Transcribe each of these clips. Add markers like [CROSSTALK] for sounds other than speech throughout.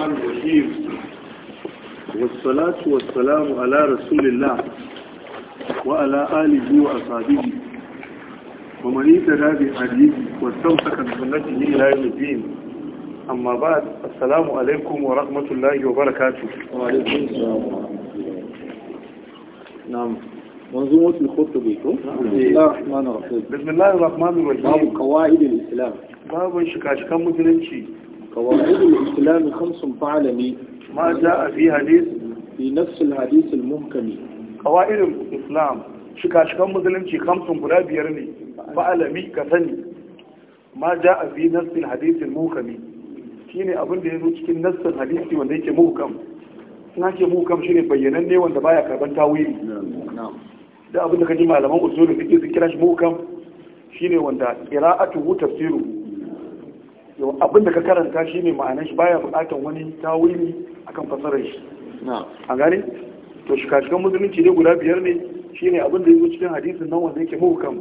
الرحمن الرحيم والصلاة والسلام على رسول الله وعلى آله وأصحابه ومن اهتدى بحديث واستمسك بسنته إلى يوم الدين أما بعد السلام عليكم ورحمة الله وبركاته وعليكم السلام ورحمة الله نعم منظومة الخطة بكم بسم الله الرحمن الرحيم بسم الله الرحمن الرحيم باب قواعد الإسلام باب شكاشكا مسلمشي قواعد الإسلام خمس فعلني ما جاء في حديث في نفس الحديث المهكم قواعد الإسلام shikashikan musulunci kamsun guda biyar ne fa'alami ka sani ma ja a fi nassin hadisin muhukami shine abin da ya zo cikin nassin hadisi wanda yake muhukam in ke muhukam shine bayyanan ne wanda baya karban tawili da abin da kaji malaman usulun fiqh su kira shi muhukam shine wanda qira'atuhu tafsiru yau abin da ka karanta shi ne ma'anar shi baya buƙatar wani tawili akan fasarar shi a gani to kashikan musulunci ne guda biyar ne shi ne abin da yi cikin hadisin nan wanda yake muhukam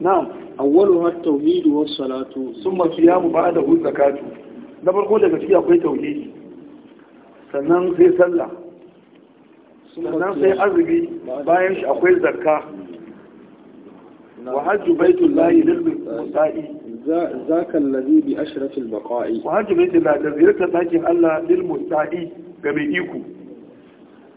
na'am awwalu har tauhidu was salatu Sun yamu ba da hu zakatu na farko daga ciki akwai tauhidi sannan sai sallah sannan sai azumi bayan shi akwai zakka wa hajju baitullahi lil musa'i ذاك الذي بأشرف البقاء وهذا بيت الله تزيرة تاكين الله للمستعي كبيئيكو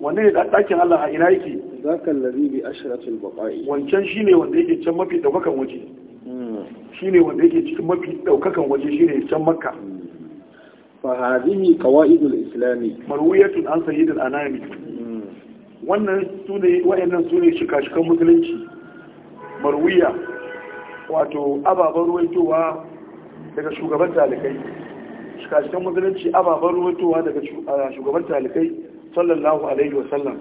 wannan da ɗakin Allah a ina yake zaka allazi bi ashrafil baqa'i wancan shine wanda yake can mafi daukakan waje hmm. shine wanda yake cikin mafi daukakan waje shine can makka hmm. fa hadhihi qawaidul islami marwiyatun an sayyidil anami hmm. wannan sune wayannan sune shika-shikan musulunci marwiya wato ababar ruwaitowa daga shugaban talikai shikashikan musulunci ababar ruwaitowa daga shugaban talikai sallallahu alaihi wasallam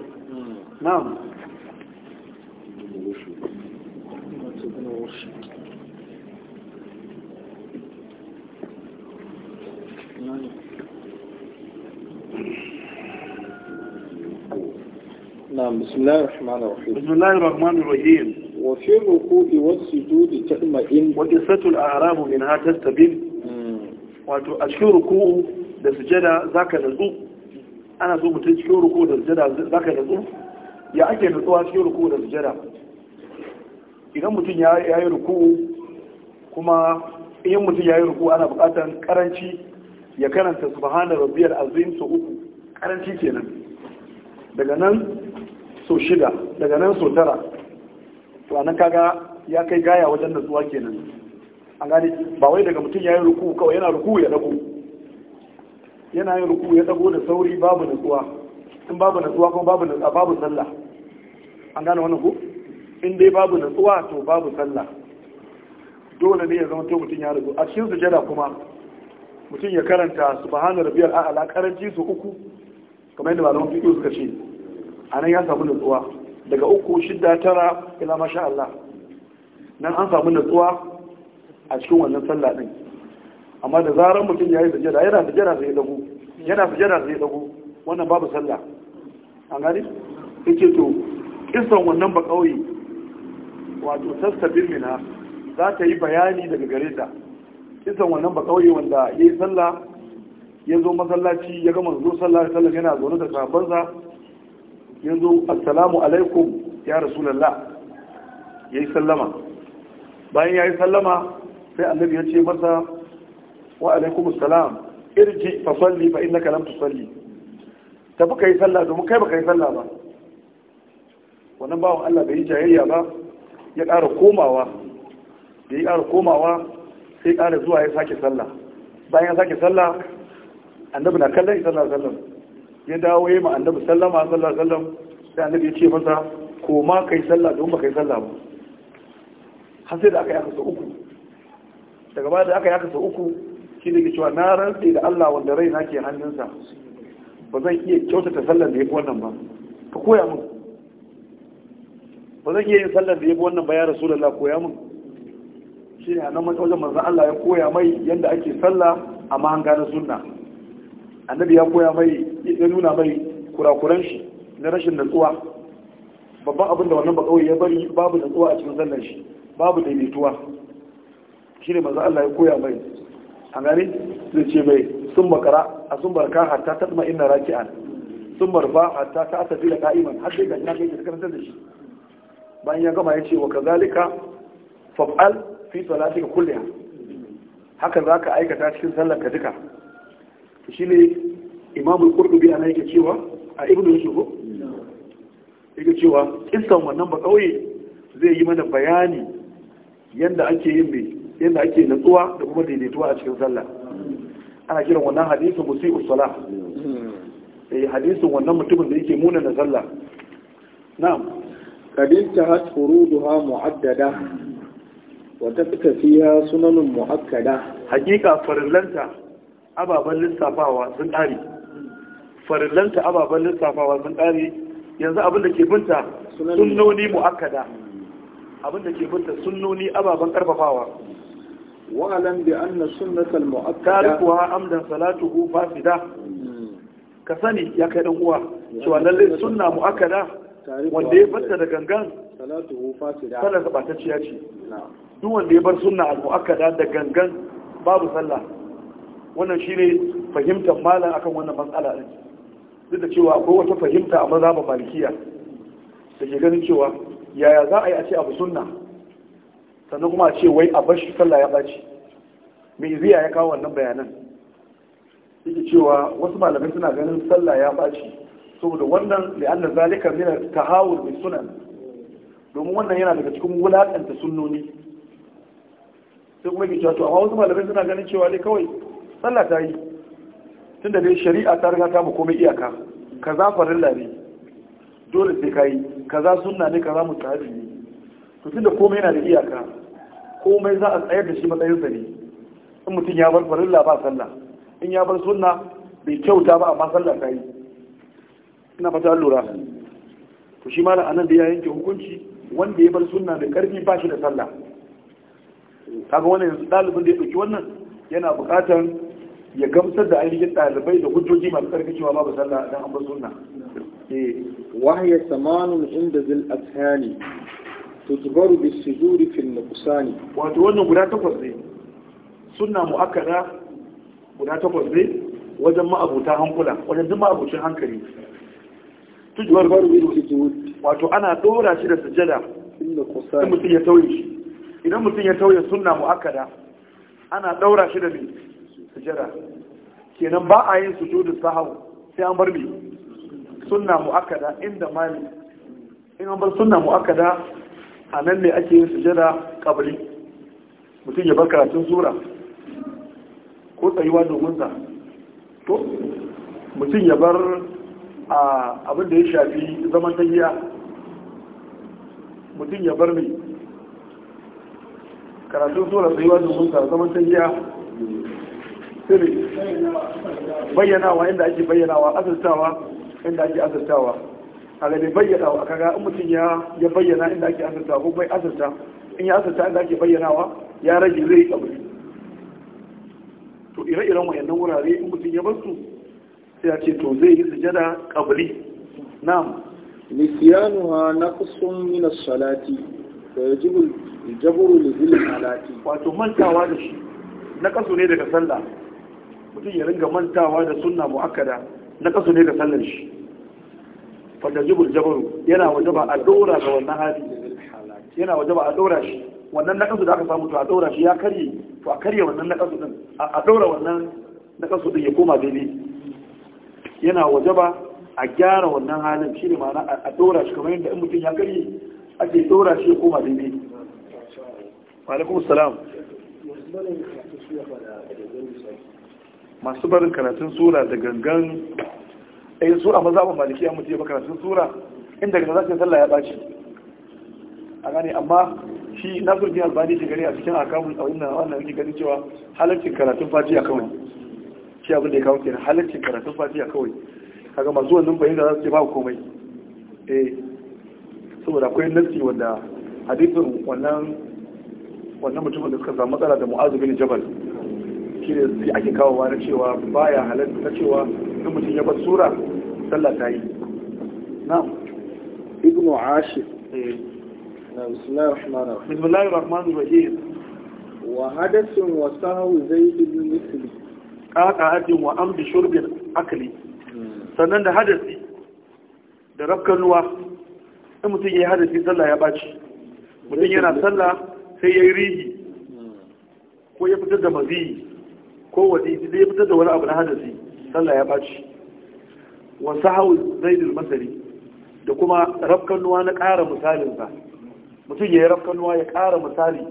na'am نعم بسم الله الرحمن الرحيم بسم الله الرحمن الرحيم وفي الركوع والسجود تطمئن وقصة الأعراب منها تستبين wato a cikin ruku'u da sujada zaka nutsu ana so mutum cikin ruku'u da sujada zaka nutsu ya ake nutsuwa cikin ruku'u da sujada idan mutum ya yi ruku'u kuma in mutum ya yi ruku'u ana buƙatar karanci ya karanta subhana biyar azim su uku karanci kenan daga nan so shida daga nan so tara to anan kaga ya kai gaya wajen natsuwa kenan an gane ba wai daga mutum ya yi ruku kawai yana ruku ya dago yana yin ruku ya dago da sauri babu natsuwa in babu natsuwa kuma babu natsuwa babu sallah an gane wannan ko in dai babu natsuwa to babu sallah dole ne ya zama to mutum ya rubu a cikin sujada kuma mutum ya karanta subhana rabbiyal a'la karanci su uku kamar yadda malaman fiqh suka ce anan ya samu natsuwa daga uku shidda tara ila masha Allah nan an samu natsuwa a cikin wannan sallah din amma da zarar mutum ya yi sujada yana sujada sai dago yana sujada sai dago wannan babu sallah an gani yake to kisan wannan ba kauye wato sassabin mina za ta yi bayani daga gare ta kisan wannan ba kauye wanda yayi sallah ya zo masallaci ya gama zo sallah sallah wasallam yana zaune da sahabbansa Yanzu assalamu alaikum ya rasulallah ya yi sallama bayan ya yi sallama sai annabi ya ce masa wa alaikum salam irji fa salli fa innaka lam tusalli tafi kai salla domin kai baka yi salla ba wannan bawon Allah bai yi jayayya ba ya ƙara komawa da ya ƙara komawa sai ƙara zuwa ya sake salla bayan ya sake salla annabi na kallon na sallah ya dawo ya yi ma annabi sallama sallallahu alaihi wasallam sai annabi ce masa ko ma kai sallah don ba kai sallah ba har sai da aka yaka sau uku daga baya da aka yaka sau uku shi da cewa na rantse da Allah wanda rai na ke hannunsa ba zan iya kyautata sallar da ya fi wannan ba ka koya min ba zan iya yin sallar da ya fi wannan ba ya rasu da koya min shi ne a nan wajen manzan Allah ya koya mai yadda ake sallah a an gane sunna annabi ya koya mai ya nuna mai kurakuran shi na rashin natsuwa babban abin da wannan bakawai ya bari babu natsuwa a cikin sallar shi babu daidaituwa shi ne maza Allah ya koya mai a gani zai ce mai sun makara a sun barka hatta ta tsima ina raki'an sun marfa hatta ta asa da ka'iman har sai ga ina kai karkarantar da shi bayan ya gama ya ce wa kazalika fa'al fi salatika kulliha haka zaka aikata cikin sallar ka duka shi ne imamul qurtubi ana yake cewa a ibnu Yusufu? yake cewa kisan wannan ba kauye zai yi mana bayani yanda ake yin mai yanda ake natsuwa da kuma daidaituwa a cikin sallah ana kiran wannan hadisin musi'us salah eh hadisin wannan mutumin da yake muna na sallah na'am kadin ta duha mu'addada wa tafka fiha sunanun mu'akkada hakika farillanta ababen lissafawa sun ƙare farillanta ababen lissafawa sun ƙare yanzu abinda da ke binta sunnoni mu'akkada abin da ke binta sunnoni ababen ƙarfafawa wa'alan bi na sunnatal mu'akkada tarikuha amdan salatuhu fasida ka sani ya kai ɗan uwa cewa lalle sunna mu'akkada wanda ya batta da gangan salatuhu fasida sallar batacciya ce duk wanda ya bar sunna al-mu'akkada da gangan babu sallah wannan shi ne fahimtar malam akan wannan matsala din duk da cewa akwai wata fahimta a maza malikiya da ke ganin cewa yaya za a yi a ce abu sunna sannan kuma a ce wai a shi sallah ya ɓaci mai ziya ya kawo wannan bayanan yake cewa wasu malamai suna ganin sallah ya ɓaci saboda wannan li'anna zalika ta hawar mai sunan domin wannan yana daga cikin wulaƙanta sunnoni sai kuma yake cewa to amma wasu malamai suna ganin cewa ne kawai sallah ta yi da dai shari'a ta riga ta mu komai iyaka kaza farin ne dole sai kai kaza sunna ne kaza mutahabi ne to da komai yana da iyaka komai za a tsayar da shi matsayin sa ne in mutum ya bar farilla ba sallah in ya bar sunna bai kyauta ba amma sallah ta yi ina fata lura to shi malam anan da ya yanke hukunci wanda ya bar sunna da karfi ba shi da sallah kaga wannan yanzu dalibin da ya ɗauki wannan yana buƙatar ya gamsar da ainihin ɗalibai da hujjoji masu ƙarfi cewa babu sallah dan an bar sunna eh, wahya samanun inda zil athani tutbaru bis sujudi fil nuqsani wato wannan guda takwas ne sunna muakkada guda takwas ne wajen ma'abuta hankula wajen duk ma'abucin hankali tutbaru bis sujudi wato ana dora shi da sujada fil nuqsani idan mutum ya tauye idan mutum ya tauye sunna muakkada ana daura shi da sujada kenan ba a yin sujudu sahau sai an bar mai sunna muakkada inda mali in an bar sunna muakkada a nan ne ake yin sujada kabri mutum ya bar karatun sura ko tsayuwa domin sa to mutum ya bar abin da ya shafi zaman tahiya mutum ya bar mai karatun sura tsayuwa domin sa zaman tahiya sirri bayyanawa inda ake bayyanawa azurtawa inda ake azurtawa a gani bayyanawa, bayyana wa kaga in mutum ya bayyana inda ake azurta ko bai azurta in ya azurta inda ake bayyanawa ya rage zai yi kabari to ire-iren wayannan wurare in mutum ya bar su sai ya ce to zai yi sujada kabri na'am nisyanuha naqsun min as-salati fa yajibu al-jabru li salati wato mantawa da shi na kaso ne daga sallah mutum ya ringa mantawa da suna mu'akada, na kasu ne ga sallar shi jibul jabaru yana waje ba a dora ga wannan hali yana waje ba a dora shi wannan na kasu da aka samu to a dora shi ya karye to a karye wannan na kasu din a dora wannan na kasu din ya koma daidai yana waje ba a gyara wannan halin shi ne ma'ana a dora shi kamar yadda in mutum ya karye ake dora shi ya koma daidai wa alaikum salam masu barin karatun sura da gangan ai eh, su a mazhabin maliki ya mutu ya karatun sura inda ga zakin sallah ya ɓaci a gane amma shi na bin albani ke gani a cikin akamun a wannan wannan yake gani cewa halaccin karatun fatiya kawai shi abin da ya kawo kenan halaccin karatun fatiya kawai kaga masu wannan bayin da za su ce ba komai eh saboda akwai nassi wanda hadisin wannan wannan mutumin da suka samu matsala da mu'azu bin jabal shi ne sai ake kawowa na cewa baya halatta na cewa in mutum ya bar sura sallah ta yi na'am eh. ibn ashir بسم wa الرحمن الرحيم وحدث وسهو زيد بن مثلي قاقعة وأم بشرب أكلي sannan da hadasi da rafkan ruwa in mutum ya yi sallah ya baci mutum yana sallah sai ya yi rihi hmm. ko ya fitar da maziyi ko waje zai fitar da wani abu na hadasi sallah ya ɓaci wasu hau da masari da kuma rafkanuwa na ƙara ba. mutum ya yi rafkanuwa ya ƙara misali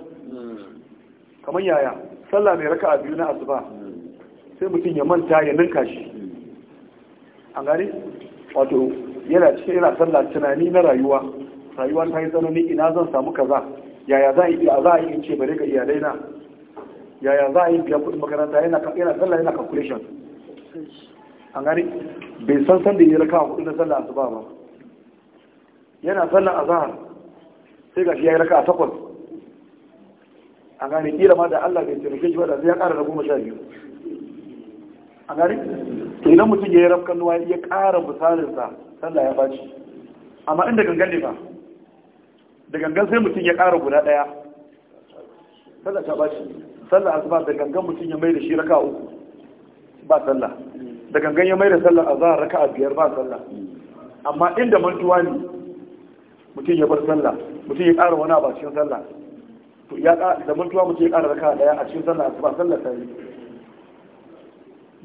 kamar yaya sallah mai raka a biyu na asuba sai mutum ya manta ya ninka shi an gani wato yana cikin yana sallah tunani na rayuwa rayuwa ta yi tsanani ina zan samu kaza yaya za a yi ce bare ga iyalai na yaya za a yi biya kuɗin makaranta yana yana sallah yana calculation an gani bai san san da ya raka kuɗin na sallah asuba ba yana sallah zahar sai gashi ya yi raka a takwas an gani kira ma da Allah bai taimake shi ba da ya ƙara da goma sha biyu an gani to idan mutum ya yi rafkan nuwa ya ƙara misalinsa sallah ya baci amma inda gangan ne ba da gangan sai mutum ya ƙara guda ɗaya sallah ta baci sallar asuba da gangan mutum ya mai da shi raka uku ba sallah da gangan ya mai da sallar azhar raka biyar ba sallah amma inda mantuwa ne mutum ya bar sallah mutum ya ƙara wani abu a cikin sallah to ya da mantuwa mutum ya ƙara raka daya a cikin sallah asuba sallar ta yi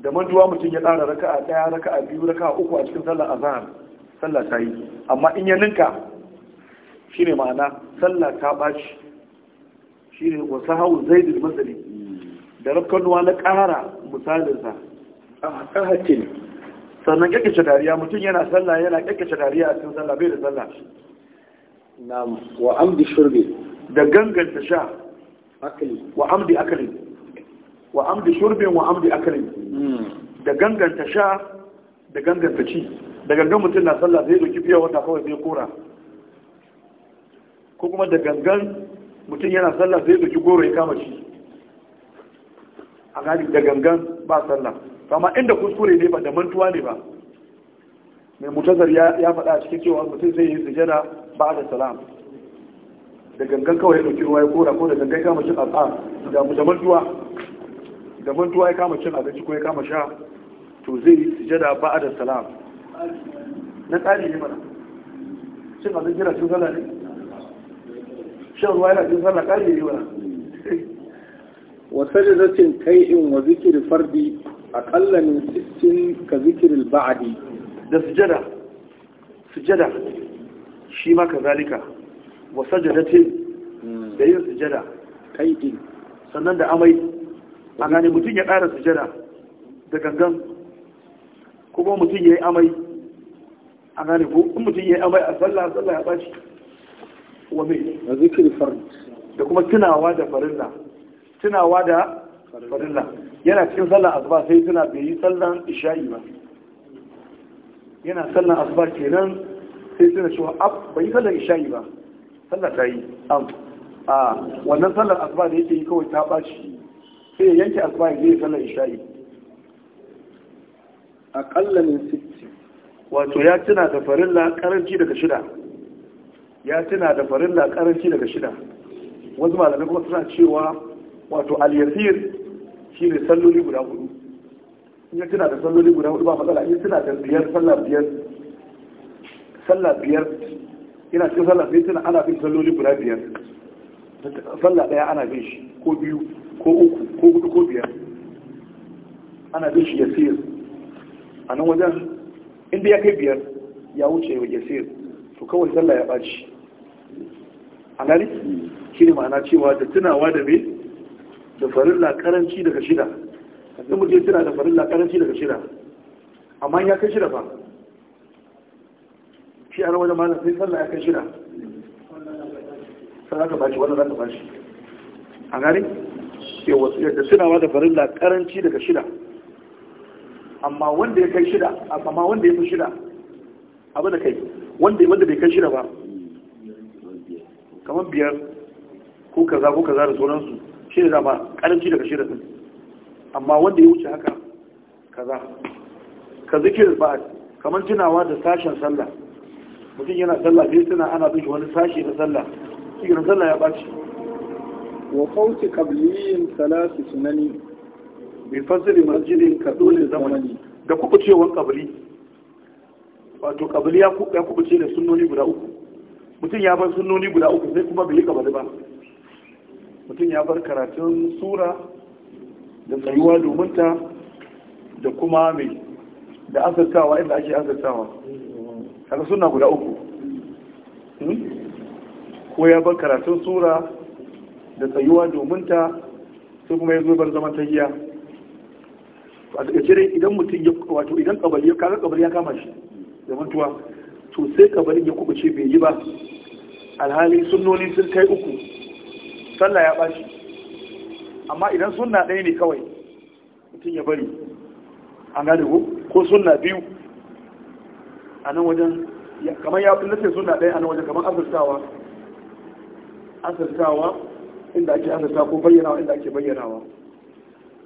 da mantuwa mutum ya ƙara raka a daya raka a biyu raka uku a cikin sallar azhar sallah ta yi amma in ya ninka shine ma'ana sallah ta ɓaci ne wasu hau da masali da rafkanuwa na ƙara misalinsa a haƙaƙin sannan ƙaƙƙace dariya mutum yana sallah yana ƙaƙƙace dariya a cikin sallah bai da sallah na wa amdi shurbi da ganganta sha wa amdi akali wa amdi shurbin wa amdi akali hmm. da ganganta sha da ganganta ci da gangan mutum na sallah zai ɗauki biya wata kawai zai kora ko kuma da gangan mutum yana sallah sai ya goro ya kama shi a gani da gangan ba sallah amma inda kuskure ne ba da mantuwa ne ba mai mutazar ya faɗa a cikin cewa mutum zai yi sujada ba da salam da gangan kawai ya ɗauki ruwa ya kora ko da gangan kama shi al'a da mantuwa da mantuwa ya kama shi abinci ko ya kama sha to zai yi sujada ba da salam na tsari ne mana cin abinci jira cin sallah ne shan ruwa yana cin sallah kare yi kai in wa zikiri fardi aƙalla min sittin ka zikirin ba'adi da sujada sujada shi ma ka zalika wa sajadatin da yin sujada kai in sannan da amai a gane mutum ya ƙara sujada da gangan kuma mutum ya yi amai a gane mutum ya yi amai a sallah sallah ya ɓaci wa me farin. da kuma tunawa da farilla tunawa da farilla yana cikin sallar asuba sai tuna bai yi sallar isha'i ba yana sallar asuba kenan sai tuna cewa ab bai yi sallar isha'i ba sallar ta yi am a wannan sallar asuba da yake yi kawai ta ɓaci sai ya yanke asuba ya zai sallar isha'i aƙalla min sitti wato ya tuna da farilla karanci daga shida ya tuna da farilla karanci daga shida wasu malamai kuma suna cewa wato al-yasir shine salloli guda hudu in ya tuna da salloli guda hudu ba matsala in tuna da biyar sallar biyar sallah biyar ina cikin sallah biyar tuna ana bin salloli guda biyar sallar daya ana bin shi ko biyu ko uku ko hudu ko biyar ana bin shi yasir a nan wajen inda ya kai biyar ya wuce yasir to kawai sallah ya ɓaci a shi ne ma'ana cewa da tunawa da mai da farilla karanci daga shida in mutum tuna da farilla karanci daga shida amma ya kai shida ba shi a rawar malam sai sallah ya kai shida sai aka bashi wannan zaka bashi a gani da tunawa da farilla karanci daga shida amma wanda ya kai shida amma wanda ya fi shida abu da kai wanda bai kai shida ba kamar biyar ko kaza ko kaza da sauransu shi da dama karanci daga shida din amma wanda ya wuce haka kaza ka zikir ba kamar tunawa da sashen sallah mutum yana sallah sai suna ana bin wani sashi na sallah shi sallah ya baci wa fawti qabliyin salatu sunani bi fasli masjidin dole zamani da kubucewan qabli wato qabli ya kubuce da sunnoni guda uku mutum ya bar sunnoni guda uku sai kuma bai yi gaba ba mutum ya bar karatun sura da tsayuwa domin ta da kuma mai da azartawa inda ake azartawa kaga suna guda uku hmm? ko ya bar karatun sura da tsayuwa domin ta sai kuma ya zo bar zaman tahiya a daga cire idan mutum ya wato idan kabali ya ya kama shi da mantuwa to sai kabarin ya ce bai yi ba alhali sunnoni sun kai uku sallah ya bashi amma idan sunna ɗaya ne kawai mutum ya bari an gane ko ko sunna biyu a nan wajen kamar ya fi sunna ɗaya a nan wajen kamar asirtawa asirtawa inda ake asirta ko bayyanawa inda ake bayyanawa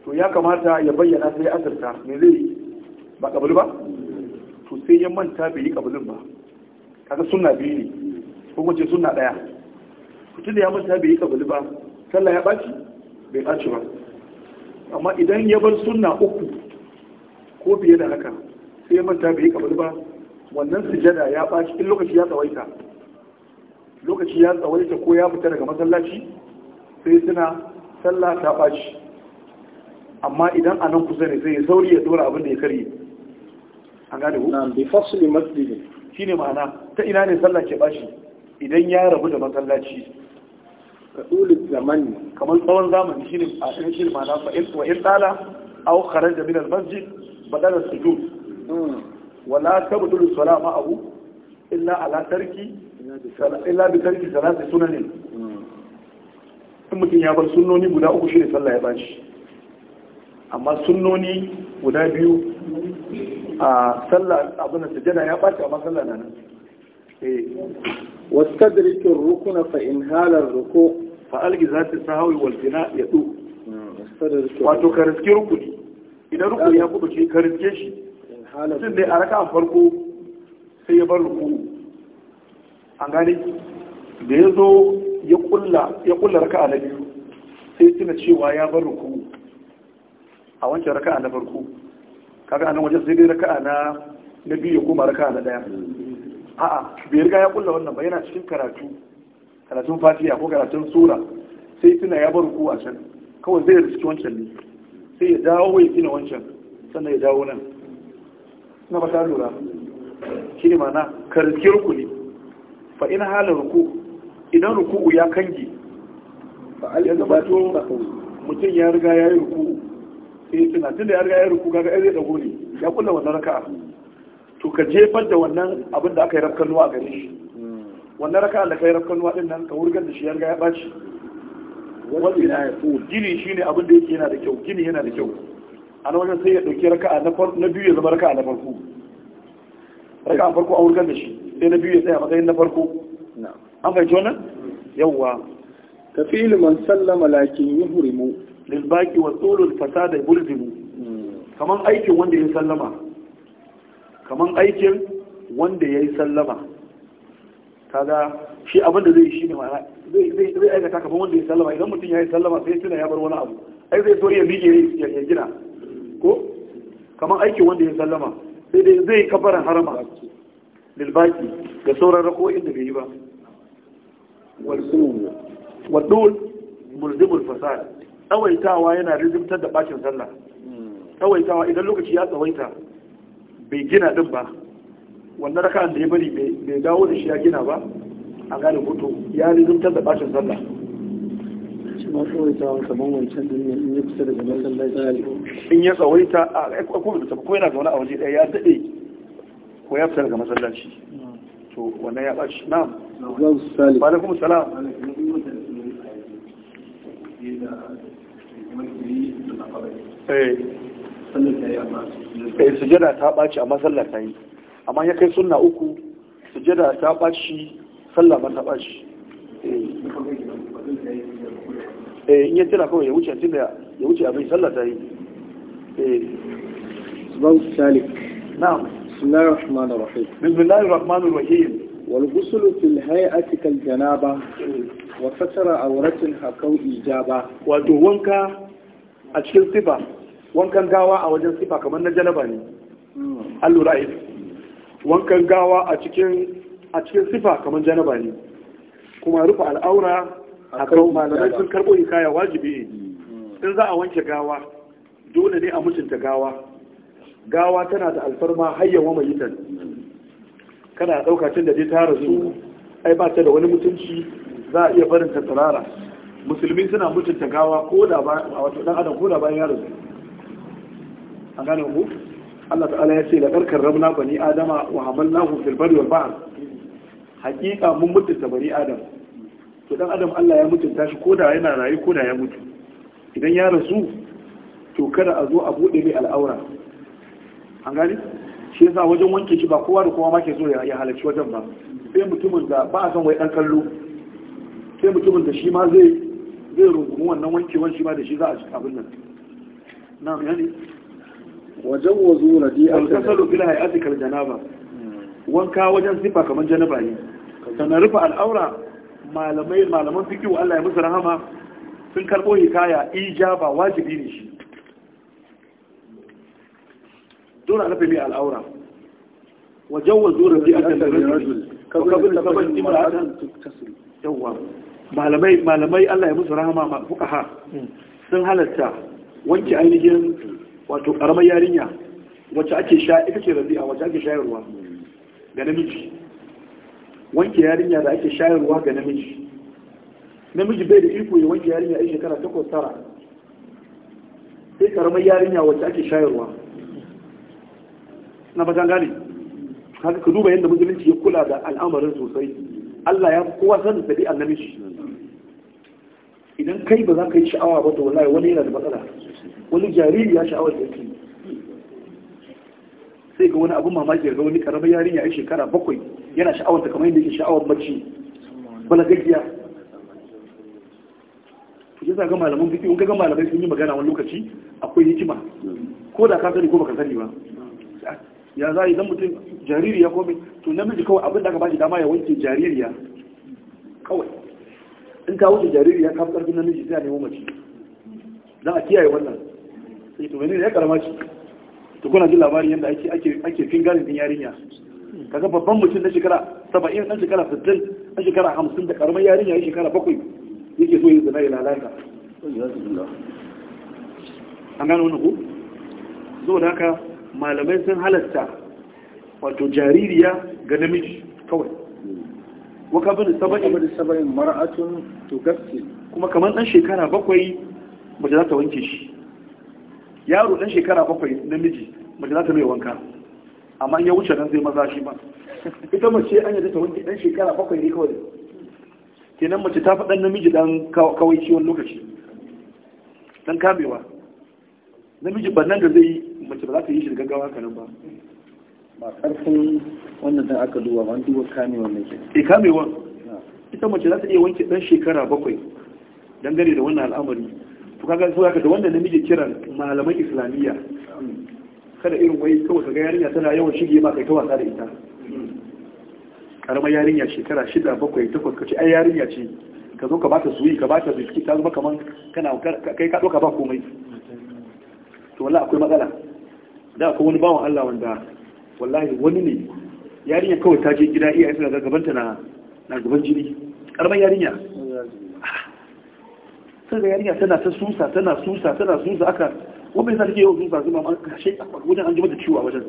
to ya kamata ya bayyana sai asirta ne zai yi ba kabul ba to sai ya manta bai yi kabulin ba kaga sunna biyu ne ko kuma ce sunna daya mutum da ya manta bai yi kabali ba sallah ya baci bai baci ba amma idan ya bar sunna uku ko biye da haka sai ya manta bai yi kabali ba wannan sujada ya baci in lokaci ya tsawaita lokaci ya tsawaita ko ya fita daga masallaci sai suna sallah ta baci amma idan a nan kusa ne sai ya sauri ya dora abin da ya karye an gane ku na bi fasli masjidin shine ma'ana ta ina ne sallah ke bashi idan ya rabu da masallaci rasulul zamani kamar tsawon zamani shine a shine ma'ana fa in wa in tala masjid ba min al-masjid badala sujud hmm. wala tabdulu sala ma'ahu illa ala tarki illa bi tarki salati sunanin hmm. in mutum ya bar sunnoni guda uku shi shine sallah ya bashi amma sunnoni guda biyu a sallah abin sujada ya ɓaci amma sallah na nan eh, rukuna واستدرك الركن فإن هال الركوع فألقي ذات السهوي والبناء يدوب wato ka riske rukuni idan rukuni ya kuɓa ce ka riske shi sun dai a raka a farko sai ya bar rukuni an gane da ya zo ya kulla raka a na biyu sai tuna cewa ya bar rukuni a wancan raka a na farko kaga anan wajen sai dai raka'a na na biyu kuma raka'a na daya a'a bai riga ya kulla wannan ba yana cikin karatu karatun fatiha ko karatun sura sai tuna ya bar ku a can kawai zai riski wancan ne sai ya dawo ya gina wancan sannan ya dawo nan na ba ta lura shi ne mana ka ku ne fa ina halin ruku idan ruku'u ya kange ya to mutum ya riga ya yi ruku'u sai tuna tunda ya riga ya ruku kaga ai zai dago ne ya kulla wannan raka'a to ka jefar da wannan abin da aka yi rafkan nuwa a gare shi wannan raka'a da ka yi rafkan nuwa din nan ka wurgar da shi ya riga ya baci wani na ya gini shine abin da yake yana da kyau gini yana da kyau a nan wajen sai ya dauki raka'a na na biyu ya zama raka'a na farko raka'a farko a wurgar da shi sai na biyu ya tsaya matsayin na farko an fahimci wannan mm. yawwa tafilin man sallama lakin yi yuhrimu lilbaki wa tsolul fasada mulzimu kaman aikin wanda ya sallama kaman aikin wanda ya yi sallama kaga shi abin da zai yi shi ne ma'ana zai aikata kaman wanda ya sallama idan mutum ya yi sallama sai tuna ya bar wani abu ai zai so ya miƙe ya gina ko kaman aikin wanda ya sallama sai dai zai kafaran harama lilbaki ga sauran rako'in inda bai yi ba والدول ملزم الفساد tsawaitawa yana rizimtar da bacin sallah tsawaitawa idan lokaci ya tsawaita bai gina din ba wannan raka'an da ya bari bai dawo da shi ya gina ba a gane hoto ya rizimtar da bacin sallah ma tsawaitawa kamar wancan din in ya kusa daga masallaci in ya tsawaita a ko yana zaune a waje ɗaya ya daɗe ko ya fita daga masallaci to wannan ya ɓaci na wa alaikum salam Eh. eh sujada ta ɓaci amma sallah ta yi amma ya kai sunna uku sujada ta ɓaci sallah ba ta ɓaci eh, eh in yi tana kawai ya wuce tunda ya wuce abin sallah ta yi eh babu salik na'am bismillahir rahmanir rahim bismillahir rahmanir rahim wal ghuslu fil hay'ati kal janaba eh. wa satara auratin hakau ijaba wato wanka a cikin sifa wankan gawa a wajen sifa kamar na janaba ne an lura wankan gawa a cikin a cikin sifa kamar janaba ne kuma rufe al'aura a kan malamai sun karɓo kaya wajibi in za a wanke gawa dole ne a mutunta gawa gawa tana da alfarma hayyawa mai yitan kana ɗauka tun da ta rasu ai ba ta da wani mutunci za a iya barin tattarara. musulmi suna mutunta gawa ko da ba wato dan adam ko da bayan ya rasu an gane ku Allah ta'ala ya ce la karkar rabna bani adama wa hamalnahu fil bari wal bahr haqiqa mun mutunta bani adam to dan adam Allah ya mutunta shi ko da yana rayu ko da ya mutu idan ya rasu to kada a zo a bude mai al'aura an gane shi yasa wajen wanke shi ba kowa da kowa ma ke so ya halarci wajen ba sai mutumin da ba a san wai dan kallo sai mutumin da shi ma zai zai rungumi wannan wankewan shi ma da shi za a ci abin nan na'am yani wajen wazo radiya al-kasalu bil hay'ati kal janaba wanka wajen sifa kamar janaba ne sannan rufe al'aura malamai malaman wa Allah ya musu rahama sun karbo hikaya ijaba wajibi ne shi dole a rufe mai al'aura wajen wazo radiya al-kasalu kabin kabin imra'atan yawa malamai malamai Allah ya musu rahama ma fuqaha sun halatta wanke ainihin wato karamar yarinya wacce ake sha ita ce rabi'a wacce ake shayarwa ga namiji wanke yarinya da ake shayarwa ga namiji namiji bai da iko ya wanke yarinya a shekara takwas tara sai karamar yarinya wacce ake shayarwa na fatan gane haka ka duba yadda musulunci ya kula da al'amarin sosai Allah ya kowa sanin sabi'an namiji idan kai ba za ka yi sha'awa ba to wallahi wani yana da matsala wani jariri ya sha'awar da yake sai ga wani abun mamaki ga wani karamar yarinya a shekara bakwai yana sha'awar ta kamar yadda yake sha'awar mace balagagiya to yasa ga malaman biki in ga malamai sun yi magana wani lokaci akwai hikima ko da ka sani ko baka sani ba ya za idan mutum jaririya ko to namiji kawai abin da ba shi dama ya wanke jaririya kawai in ta wuce jariri ya kafa karfin namiji sai a nemo mace za a kiyaye wannan sai to menene ya karama shi to kuna jin labarin yadda ake ake ake fingarin din yarinya kaga babban mutum na shekara 70 na shekara 60 na shekara 50 da karamar yarinya ya shekara 7 yake so yin zina ya lalata an gano wani ku zo da haka malamai sun halatta wato jaririya ga namiji kawai waka bin saba'in bin saba'in mar'atun to gaske kuma kamar dan shekara bakwai mace za ta wanke shi yaro dan shekara bakwai namiji mace za ta mai wanka amma ya wuce nan zai maza shi ba [LAUGHS] ita mace an yadda ta wanke dan shekara bakwai ne kawai kenan mace ta faɗan namiji dan kawai ciwon lokaci dan kamewa namiji nan da zai yi mace ba za ta yi shi da gaggawa kanan ba ba karfin wannan dan aka duba ba duba kamewa ne ke eh, kamewa? ita mace za ta iya wanke dan shekara bakwai dangane da wannan al'amari to kaga so da wannan namiji kira malaman islamiyya kada irin wai kawai kaga yarinya tana yawan shige ma kai ta wasa da ita karamar yarinya shekara shida bakwai takwas kace ai yarinya ce ka zo ka bata suyi ka bata biskit, ta zama kaman kana kai ka doka ba komai to wallahi akwai matsala da akwai wani bawan Allah wanda wallahi wani ne yarinya kawai ta je gida iya isa gabanta na na gaban jini karban yarinya sai ga yarinya tana ta susa tana susa tana susa aka wani sa take yau susa zuma an kashe wajen an ji mata ciwo a wajen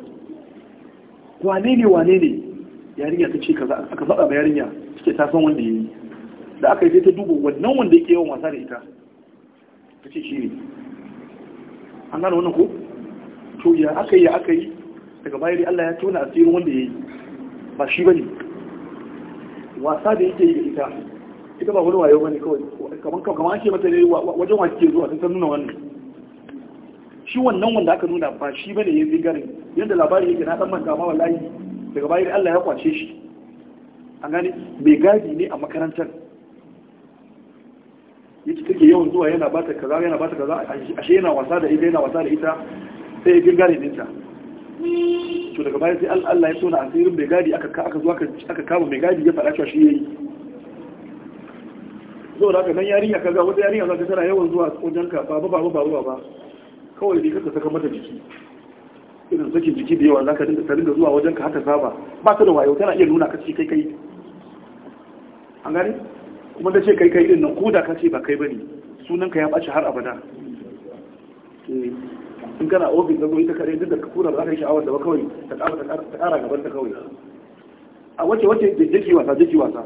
wane ne wane ne yarinya ta ce kaza aka faɗa yarinya take ta san wanda yayi da aka yi ta duba wannan wanda yake yawan wasa da ita ta ce shi ne an gane wannan ko to ya aka yi ya aka yi daga baya ne Allah ya tona asirin wanda ya yi ba shi ba ne. wasa da yake yi da ita ita ba wani wayo ne kawai kamar ake mata ne wajen wa ke zuwa san nuna wannan shi wannan wanda aka nuna ba shi ba ya yayi zigarin yadda labari yake na tsamman gama ma wallahi daga baya ne Allah ya kwace shi an gani. mai gadi ne a makarantar yake take yawan zuwa yana ba ta kaza yana ta kaza ashe yana wasa da ita yana wasa da ita sai ya gingare ninta. to daga baya sai Allah ya tona asirin mai gadi aka aka aka kama mai gadi ya faɗa cewa shi yayi zo da haka nan yarinya ka ga wata yarinya za zaka tana yawan zuwa wajen ka baba baba baba ba kawai dai kaka saka mata jiki irin sakin jiki da yawa za ka dinga ta dinga zuwa wajen ka haka saba ba ta da wayo tana iya nuna ka ce kai kai an gani? kuma ta ce kai kai din nan ko da ka ce ba kai bane sunan ka ya ɓaci har abada eh. in kana ofis na gobe ta kare duk da ka kura za ka yi sha'awar da ba kawai ta ƙara gaban ta kawai a wace wace jiki wasa jiki wasa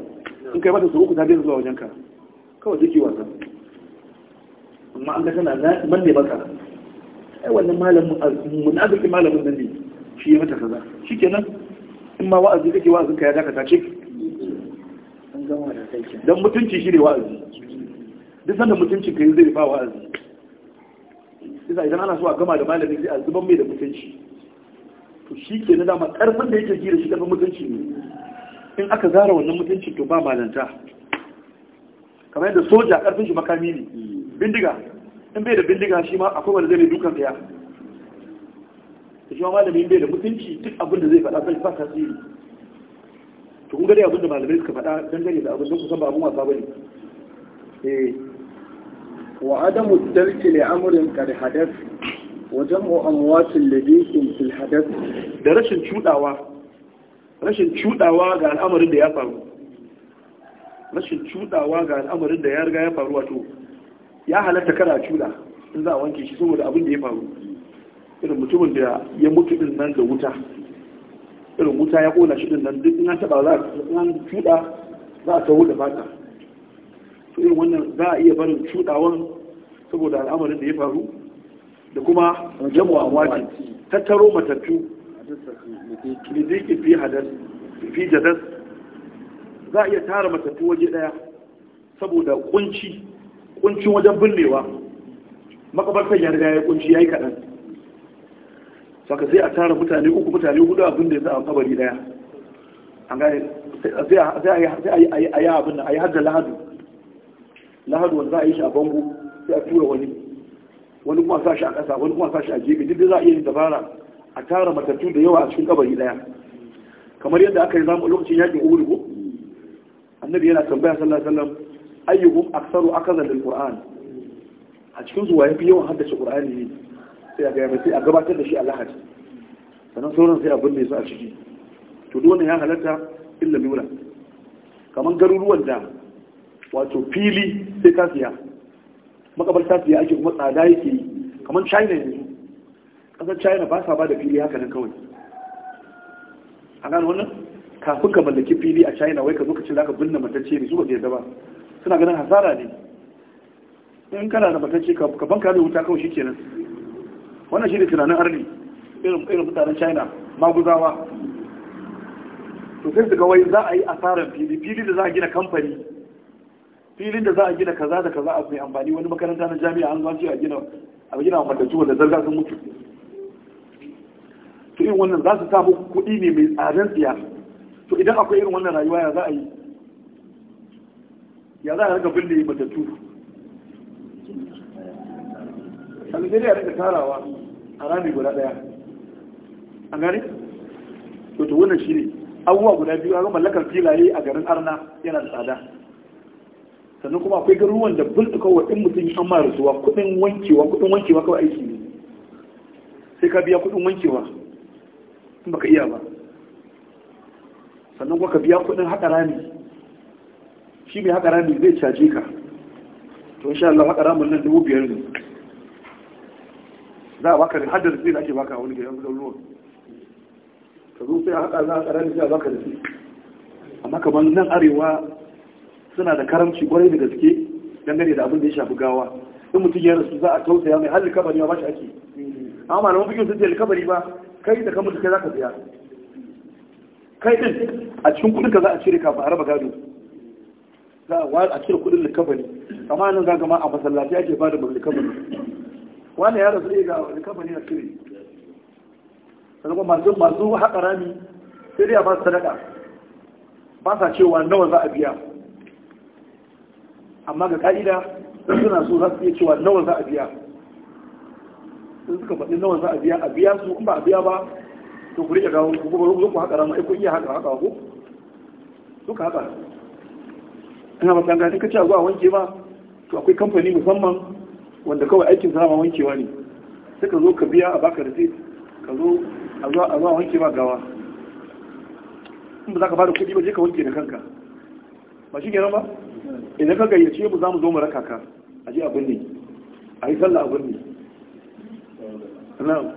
in kai mata su uku ta daina zuwa wajen ka kawai jiki wasa amma an ga tana manne baka ai wannan malamin munafikin malamin nan ne shi ya mata kaza shikenan in ma wa'azi kake wa'azin ka ya dakata ce dan mutunci shi ne wa'azi duk sanda mutuncin ka yi zai ba wa'azi isa idan ana so a gama da malami sai a zuban mai da mutunci to shi ke na dama karfin da yake ji da shi karfin mutunci ne in aka zara wannan mutunci to ba malanta kamar yadda soja karfin shi makami ne bindiga in bai da bindiga shi ma akwai wanda zai mai dukan tsaya da shi ma malami in bai da mutunci duk abin da zai faɗa sai ba tasiri to kun ga abin da malamai suka faɗa dangane da abin da kusan ba abin wasa ba ne eh. وعدم الدرك لأمر قد حدث وجمع أموات الذين في الحدث ده رشن شوداوا rashin cudawa ga al'amarin da ya faru rashin cudawa ga al'amarin da ya riga ya faru wato ya halatta kana cuda in za a wanke shi saboda abin da ya faru irin mutumin da ya mutu din nan da wuta irin wuta ya kona shi din nan duk in an taba za a cuda za a tawo da fata to irin wannan za a iya barin cuɗawan saboda al'amarin da ya faru da kuma jamu amwati tattaro matattu da zai fi hadas fi jadas za a iya tara matattu waje daya saboda kunci kuncin wajen binnewa makabartar ya riga ya kunci yi kaɗan saka sai a tara mutane uku mutane hudu abin da ya sa a kabari daya an gane sai a yi abin a yi hajjar lahadu lahadu wanda za a yi shi a bango sai a tura wani wani kuma sa shi a ƙasa wani kuma sa shi a gefe duk za a iya yin dabara a tara matattu da yawa a cikin kabari daya kamar yadda aka yi zamu lokacin yakin uhud ko annabi yana tambaya sallallahu alaihi wasallam ayyuhum aktsaru akaza lil qur'an a cikin zuwa yafi yawan haddace qur'ani ne sai a ga sai a gabatar da shi a lahadi sannan sauran sai a binne su a ciki to dole ya halatta illa lura kamar garuruwan da wato fili sai ka siya ta siya ake kuma tsada yake yi kamar china yanzu ƙasar china ba sa ba da fili haka nan kawai a gano wannan kafin ka mallaki fili a china wai ka zo ka ce za ka binne matacce ne su ka yarda ba suna ganin hasara ne in kana da matacce ka banka da wuta kawai shikenan wannan shi ne tunanin arni irin mutanen china maguzawa to sai su ga wai za a yi asarar fili fili da za a gina kamfani filin da za a gina kaza da kaza a mai amfani wani makaranta na jami'a an zuwa a gina a gina wanda zarga sun mutu to irin wannan za su samu kuɗi ne mai tsadan tsiya to idan akwai irin wannan rayuwa ya za a yi ya za a rika binne matattu a nigeria rika tarawa a rami guda ɗaya A gani? to to wannan shi ne abubuwa guda biyu a ga mallakar filaye a garin arna yana da tsada sannan kuma akwai garuruwan da bulɗu wa ɗin mutum an mara rasuwa kuɗin wankewa kuɗin wankewa kawai aiki ne sai ka biya kuɗin wankewa in baka iya ba sannan kuma ka biya kuɗin haƙa rami shi mai haƙa rami zai caje ka to insha Allah haƙa ramin nan dubu biyar ne za a baka da haddar zai da ake baka wani yanzu ruwan ka zo sai a haƙa za a rami sai a baka da su amma kamar nan arewa suna da karamci kwarai da gaske dangane da abin da ya shafi gawa in mutum ya rasu za a tausaya mai halin kabari ba shi ake amma malaman fikin sun ce kabari ba kai da ka mutu kai za ka biya kai din a cikin kudin ka za a cire kafin a raba gado za a cire kudin likabari amma nan za gama a masallaci ake ba da likabari wani ya rasu ga likabari a cire kuma masu masu haƙa rami sai dai a ba sadaka ba sa cewa nawa za a biya amma ga ka'ida sun suna so za su iya cewa nawa za a biya sun suka faɗi nawa za a biya a biya su in ba a biya ba to ku riƙe gawo ku zo ku haƙa rama ku iya haƙa haƙa ku suka haƙa ina ba san gani ka ce a zuwa wanke ba to akwai kamfani musamman wanda kawai aikin sa ma wankewa ne sai ka zo ka biya a baka receipt ka zo a zuwa a zuwa wanke ba gawa in ba za ka ba da kuɗi ba je ka wanke da kanka ba shi kenan ba idan ka gayyace mu za mu zo mu raka ka a ji abin ne a yi sallah abin ne na'am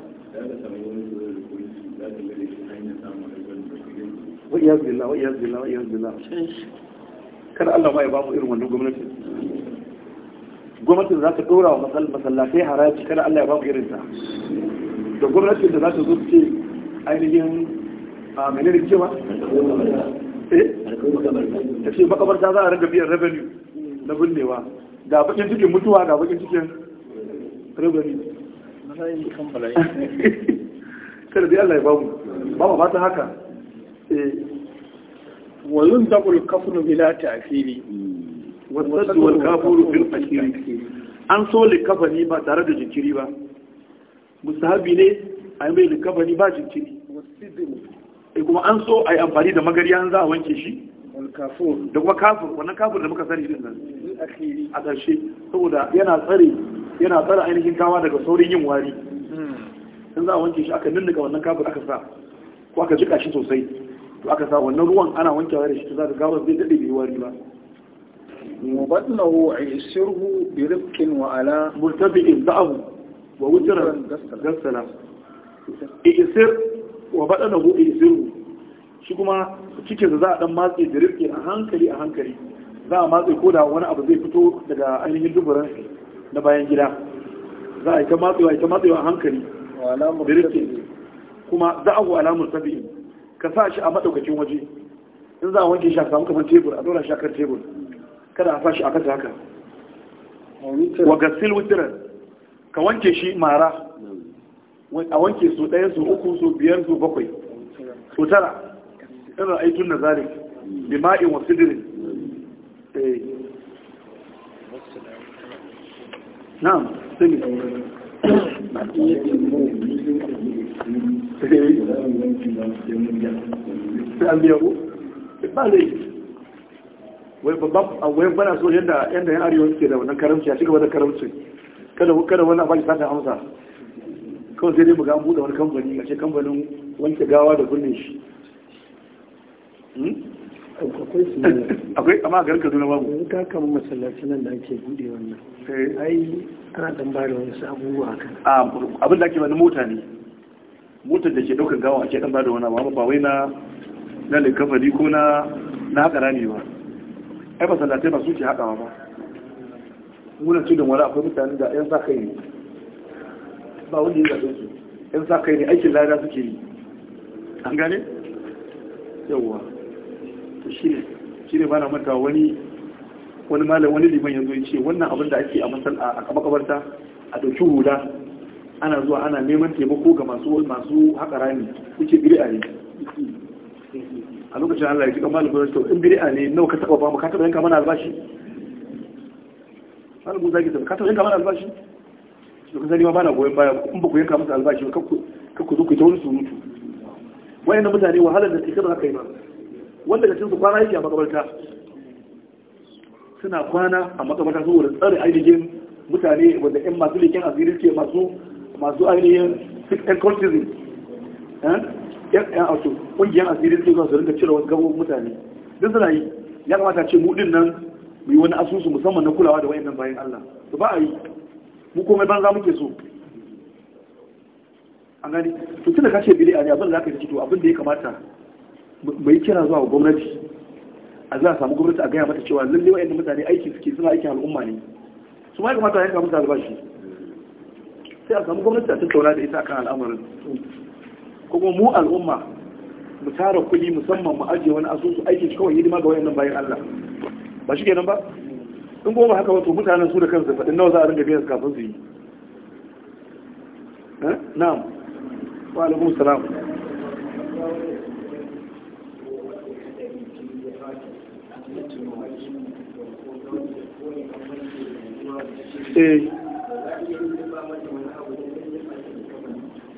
kada Allah ma ya ba irin wannan gwamnatin gwamnatin za ta ɗora wa masallatai haraji kada Allah ya ba irin irinta da gwamnatin da za ta zo ce ainihin a menene cewa Eh? ta ce makabarta za a ringa biyan revenue na binnewa ga bakin cikin mutuwa ga bakin cikin revenue [LAUGHS] kada dai Allah ya bamu ba ma fata haka eh. wa yunzaqul kafnu bila ta'fili wa saddu wal kafuru bil fakiri an so likafani ba tare da jinkiri ba musahabi ne a yi mai likafani ba jinkiri sai eh, kuma an so a yi amfani da magariya an za a wanke shi da kuma kafur wannan kafur da muka sani din nan a ƙarshe saboda yana tsare yana tsare ainihin kawa daga saurin yin wari hmm. in za a wanke shi aka ninnika wannan kafur aka sa ko aka jika shi sosai to aka sa wannan ruwan ana wa da shi to za ka gawa zai daɗe bai wari ba وبطنه wa ala murtabi'in مرتفع wa ووترا gassala عيسر wa na bude isiru shi kuma cikinsa za a ɗan matse da rifke a hankali a hankali za a matse ko da wani abu zai fito daga ainihin duburan na bayan gida za a yi ta matsewa matsewa a hankali da rifke kuma za a go alamun sabi ka sa shi a maɗaukacin waje in za a wanke shi a samu kamar tebur a ɗora shi tebur kada a sa shi a kasa haka wa gasil witiran ka wanke shi mara a wanke su ɗaya su uku su biyar su bakwai su tara irin aikin na zalik lima'in wasu dirin eh. na'am sani wai so yadda yan arewa suke da wannan karamci a cikin da karamci kada wani abin sata amsa kawai sai dai mu ga mu buɗe wani kamfani a ce kamfanin wanke gawa da kunne shi hmm? [LAUGHS] akwai amma a garin kaduna babu in ka masallaci nan da ake buɗe wannan eh. ai ana dan wani da wasu abubuwa haka abin da ake ba mota ne motar da ke ɗaukar gawa ake dan ba da wani abu ba wai na na likafari ko na na haka ranewa. ba ai masallatai ba su ke haɗawa ba muna cikin wani akwai mutane da yan sa kai ba wanda ya zaɓe su yan sa kai ne aikin lada suke yi an gane yawwa to shi ne shi ne mana manta wani wani malam wani liman yanzu ya ce wannan abin da ake a masal a makabarta a ɗauki hula ana zuwa ana neman taimako ga masu masu haka rami kuke bid'a ne a lokacin Allah ya ji kamar malamin to in bid'a ne nawa ka taɓa ba mu ka taɓa yanka mana albashi malamin zaki ka taɓa yanka mana albashi su zani ma bana goyon baya in ba ku yanka musu albashi ba ku zo ku ta wani surutu wayan na mutane wahalar da tikar haka yi ma. wanda da cinsu kwana yake a makabarta suna kwana a makabarta saboda tsare ainihin mutane wanda yan masu leken asiri ke masu masu ainihin sick and cultism yan eh? auto ƙungiyar asiri ke zuwa su rinka cire wasu gabobin mutane duk suna yi ya kamata a ce mu din nan mu yi wani asusu musamman na kulawa da wayan nan bayan Allah ba a yi mu komai banza muke so an gani to tunda kace a ne abin da zaka yi to abin da ya kamata Bai kira zuwa gwamnati a za a samu gwamnati a gaya mata cewa lalle wayannan mutane aiki suke suna aikin al'umma ne su ma ya kamata a yanka musu albashi sai a samu gwamnati a tattauna da ita akan al'amarin kuma mu al'umma mu tara kuɗi musamman mu ajiye wani asusu aikin kawai hidima ga nan bayan Allah ba shi kenan ba in goma haka wato mutanen su da kansu faɗin nawa za a ringa biyan kafin su yi eh? na'am wa alaikum salam eh.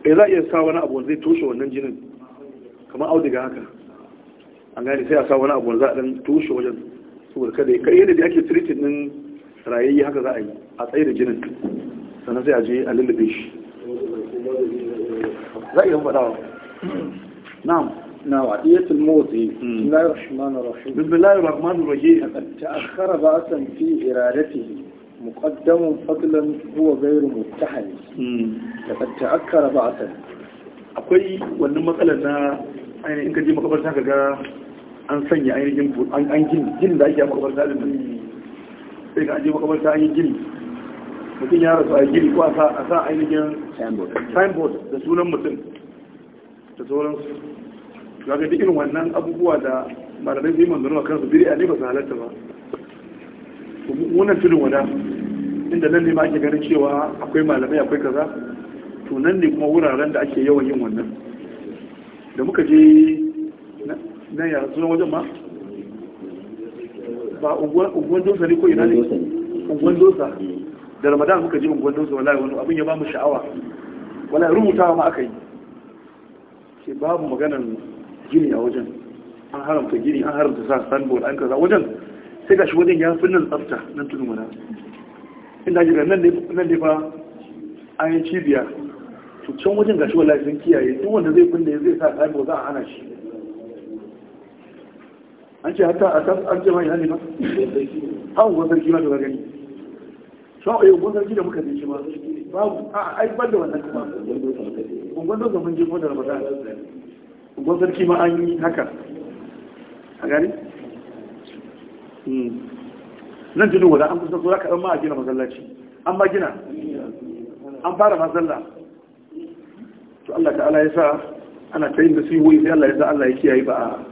eh za a iya sa wani abu zai toshe wannan jinin kamar auduga haka an gani sai a sa wani abu za a dan toshe wajen saboda da ake tiritin din rayayya haka za a yi a tsaye da jinin sannan sai a je a lullube shi za a yi faɗa na na wa iya tilmoti bibbilai rahman raje ta akara ba a fi iradati muqaddamun fadlan huwa gairu mutahali hmm. ta akara ba a akwai wannan matsalar na ainihin in ka je makabarta ka ga an sanya ainihin an gini gini da ake a makabarta da sai ka aje makabarta an yi gini mutum ya rasu a gini ko a sa ainihin signboard da sunan mutum da sauransu ga ga irin wannan abubuwa da malamai zai manzano a kansu biri a ne ba su halatta ba wannan tunin wada inda nan ne ma ake ganin cewa akwai malamai akwai kaza to nan ne kuma wuraren da ake yawan yin wannan da muka je nan ya zuwa wajen ma ba unguwan dosa ne ko ina ne unguwan dosa da ramadan muka je unguwan dosa wallahi wani abin ya ba mu sha'awa wallahi rubutawa ma aka yi ke babu maganan gini a wajen an haramta gini an haramta sa standboard an kaza wajen sai gashi wajen ya fi nan tsafta nan tudun wada inda ji ga nan ne fa an yi cibiya to can wajen gashi wallahi sun kiyaye duk wanda zai kunde zai sa standboard za a hana shi an ce hatta a san an ce mai hannu ba an kuma sarki ma da gani shan eh, ayo kuma sarki da muka ce shi ma babu a ai ban da wannan kuma gwan da mun je gwan ramadan gwan sarki ma an yi haka a gani hmm. nan tudu wadda an kusa zuwa kaɗan ma a gina masallaci an ma gina an fara masalla to Allah ta'ala ya sa ana ta yin da su yi sai Allah ya sa Allah ya kiyaye ba a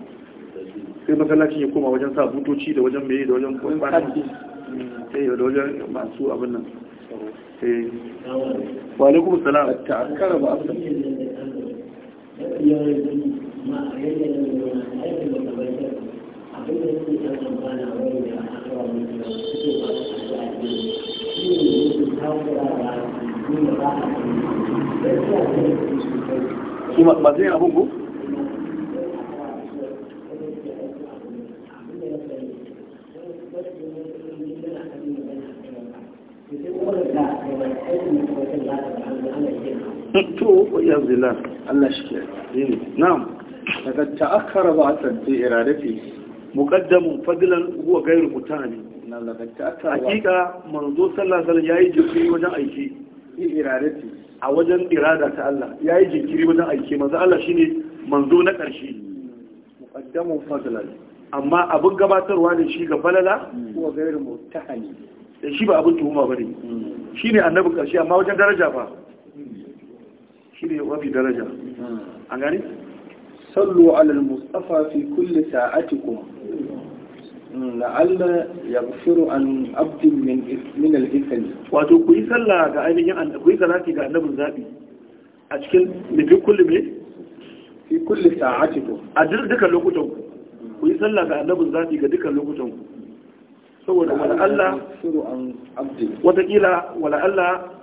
sai masallacin ya koma wajen sa butoci da wajen meye da wajen kwanan mm. eh, da wajen masu abin nan eh. wa alaikum salam ta'akkara ba abin su masu yin abin ko? alhamdulillah Allah shi ke a wajen irada ta Allah ne mm. eh, mm. annabi karshe amma wajen daraja ba shine mafi daraja a gani sallu alal mustafa fi kulli sa'atikum la'alla yaghfiru an abdin min min al-ithmi wato ku yi sallah ga ainihin an ku yi salati ga annabin zabi a cikin mafi kulli me fi kulli sa'atikum a duka lokutan ku ku yi sallah ga annabin zabi ga duka lokutan ku saboda wala Allah wataƙila wala Allah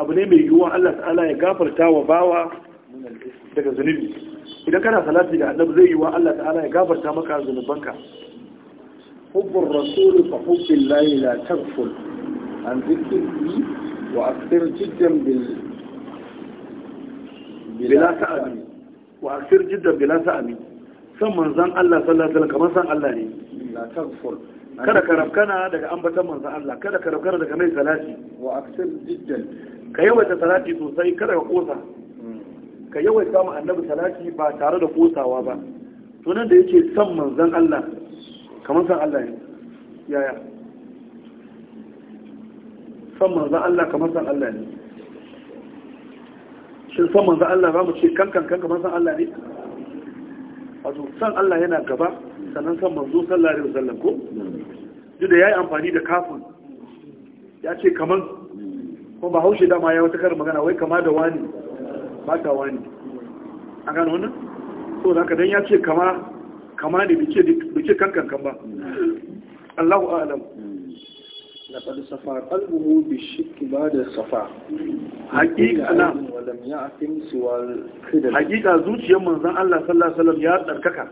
abu ne mai yiwuwa Allah ta'ala ya gafarta wa bawa daga zunubi idan kana salati da annabi zai yiwuwa Allah ta'ala ya gafarta maka zunubanka hubbur rasul fa hubbillahi la taghful an dhikrihi wa akthir jiddan bil bila ta'ami wa akthir jiddan bila ta'ami san manzon Allah sallallahu alaihi wasallam kamar san Allah ne la taghful kada ka rafkana daga ambatan manzon Allah kada ka rafkana daga mai salati wa akthir jiddan ka yawaita salati sosai kada ka kosa ka yawaita samun annabi salati ba tare da kosawa ba to nan da yake san manzon Allah kamar san Allah ne yaya san manzon Allah kamar san Allah ne shin san manzon Allah ba mu ce kankan kan kamar san Allah ne wato san Allah yana gaba sannan san manzo sallallahu alaihi wasallam ko duk da yayi amfani da kafin ya ce kamar kuma ba haushe dama ya wata kar magana wai kama da wani ba ta wani a gano wannan so zaka dan ya ce kama kama ne bice bice kan ba Allahu a'lam laqad safa safa haqiqa wa lam ya'tim siwa al-khidr haqiqa zuciyar manzan Allah sallallahu alaihi wasallam ya tsarkaka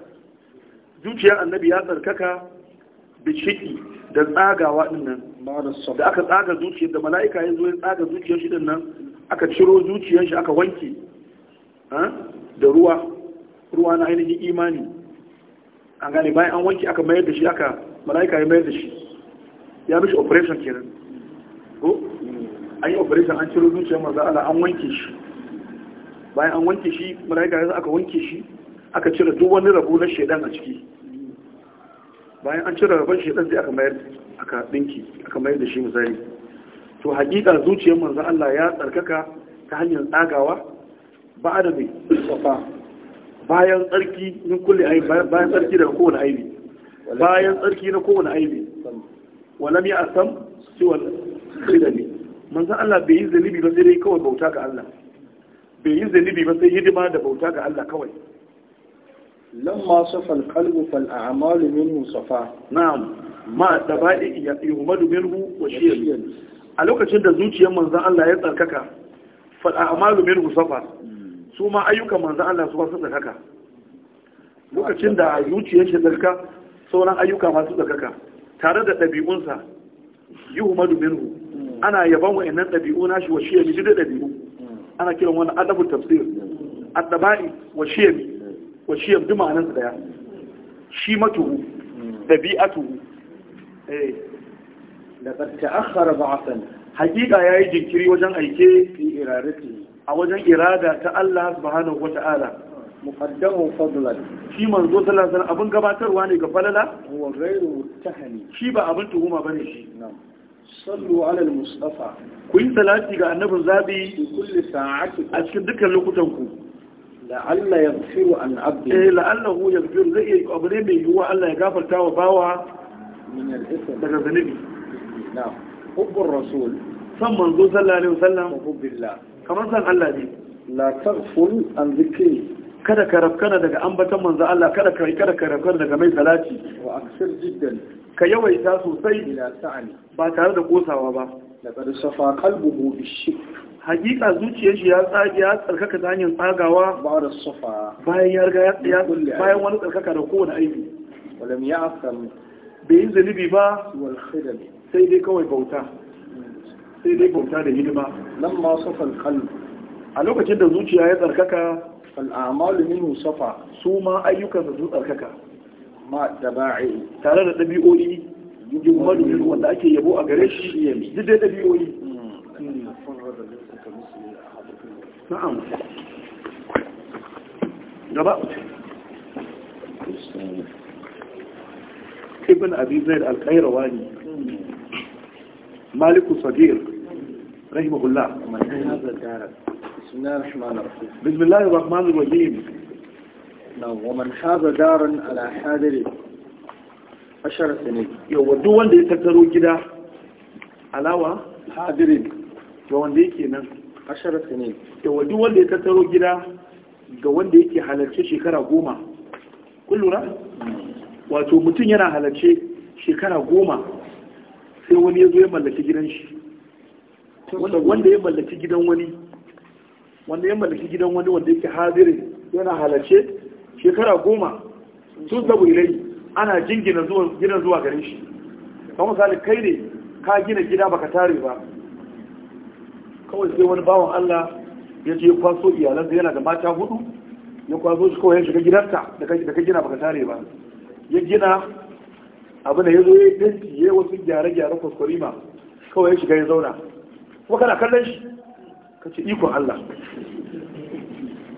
zuciyar annabi ya tsarkaka bi shikki da tsagawa dinnan da aka tsaga zuciyar da mala'ika ya zo ya tsaga zuciyar shi nan aka ciro zuciyar shi aka wanke da ruwa ruwa na ainihin imani an gane bayan an wanke aka mayar da shi aka mala'ika ya mayar da shi ya mishi operation kenan ko an yi operation an ciro zuciyar manzo Allah an wanke shi bayan an wanke shi mala'ika ya aka wanke shi aka cire duk wani rabo na shedan a ciki bayan an cire rabon shedan sai aka mayar da shi aka ɗinki aka mayar da shi misali to hakika zuciyar manzan Allah ya tsarkaka ta hanyar tsagawa ba da mai bayan tsarki na kulle aibi bayan tsarki daga kowane aibi bayan tsarki na kowane aibi walam ya asam wal khidami manzan Allah bai yi zanibi ba sai dai kawai bauta ga Allah bai yi zanibi ba sai hidima da bauta ga Allah kawai lamma safa qalbu fal a'malu min musafa na'am ma dabaɗi ya yuhmadu minhu wa shiyar a lokacin da zuciyar manzan Allah ya tsarkaka a malu minhu safa su ma ayyukan manzan Allah su masu tsarkaka lokacin da zuciyar shi tsarka sauran ayyuka masu tsarkaka tare da ɗabi'unsa yi yuhmadu minhu ana yaban wa'annan ɗabi'u nashi wa shiyar jidda ɗabi'u ana kiran wani adabu tafsir addaba'i wa shiyar wa shiyar duma nan daya shi matuhu ɗabi'atuhu Eh, laqad ta'akhkhara ba'san hakika yayi jinkiri wajen aike fi iradati a wajen irada ta Allah subhanahu wata'ala muqaddamu fadlan shi manzo sallallahu alaihi abin gabatarwa ne ga falala ghayru shi ba abin tuhuma bane shi sallu ala al-mustafa salati ga annabin zabi kulli sa'ati a cikin dukkan lokutan ku la'alla yaghfiru an abdi eh la'allahu yaghfiru zai abu ne mai yiwuwa Allah ya gafarta wa bawa daga zunubi na hubbur rasul san manzo sallallahu alaihi wasallam kamar san Allah ne la taghful an zikri kada ka rafkana daga ambatan manzo Allah kada ka kada ka rafkana daga mai salati wa aksir jiddan ka yawaita sosai ila sa'ani ba tare da kosawa ba laqad safa qalbuhu bishik hakika zuciyar shi ya tsage ya tsarkaka ta hanyar tsagawa ba da safa bayan ya riga ya bayan wani tsarkaka da kowane aiki walam ya asal bai yi zunubi ba sai dai kawai bauta sai dai bauta da hidima nan ma safal kallu a lokacin da zuciya ya tsarkaka al'amalu minhu musafa. su ma ayyukan da su tsarkaka ma daba'i tare da ɗabi'o'i. dabi'o'i yummadu wanda ake yabo a gare shi duk dai dabi'o'i na'am gaba ibn abi zaid al-qayrawani malik sagir rahimahullah بسم الله الرحمن الرحيم بسم الله الرحمن الرحيم ومن حاز دارا على حاضره عشر سنين يودو دي يتكرو جدا علاوة حاضرين وند يكي نعم عشر سنين يودو وند يتكرو جدا ga wanda yake halarci shekara goma kullura wato mutum yana halarce shekara goma sai wani ya zo ya mallaki gidan shi wanda ya mallaki gidan wani wanda ya mallaki gidan wani wanda yake hadiri yana halarce shekara goma sun zabu ilai ana jingina gidan zuwa garin shi kan misali kai ne ka gina gida baka tare ba kawai sai wani bawan Allah ya je kwaso iyalansa yana da mata hudu ya kwaso shi kawai ya shiga gidanta da ka gina baka tare ba ya gina abu da ya zo ya yi ɗinki ya wasu gyare-gyare ma kawai ya shiga ya zauna kuma kana kallon shi ka ce ikon Allah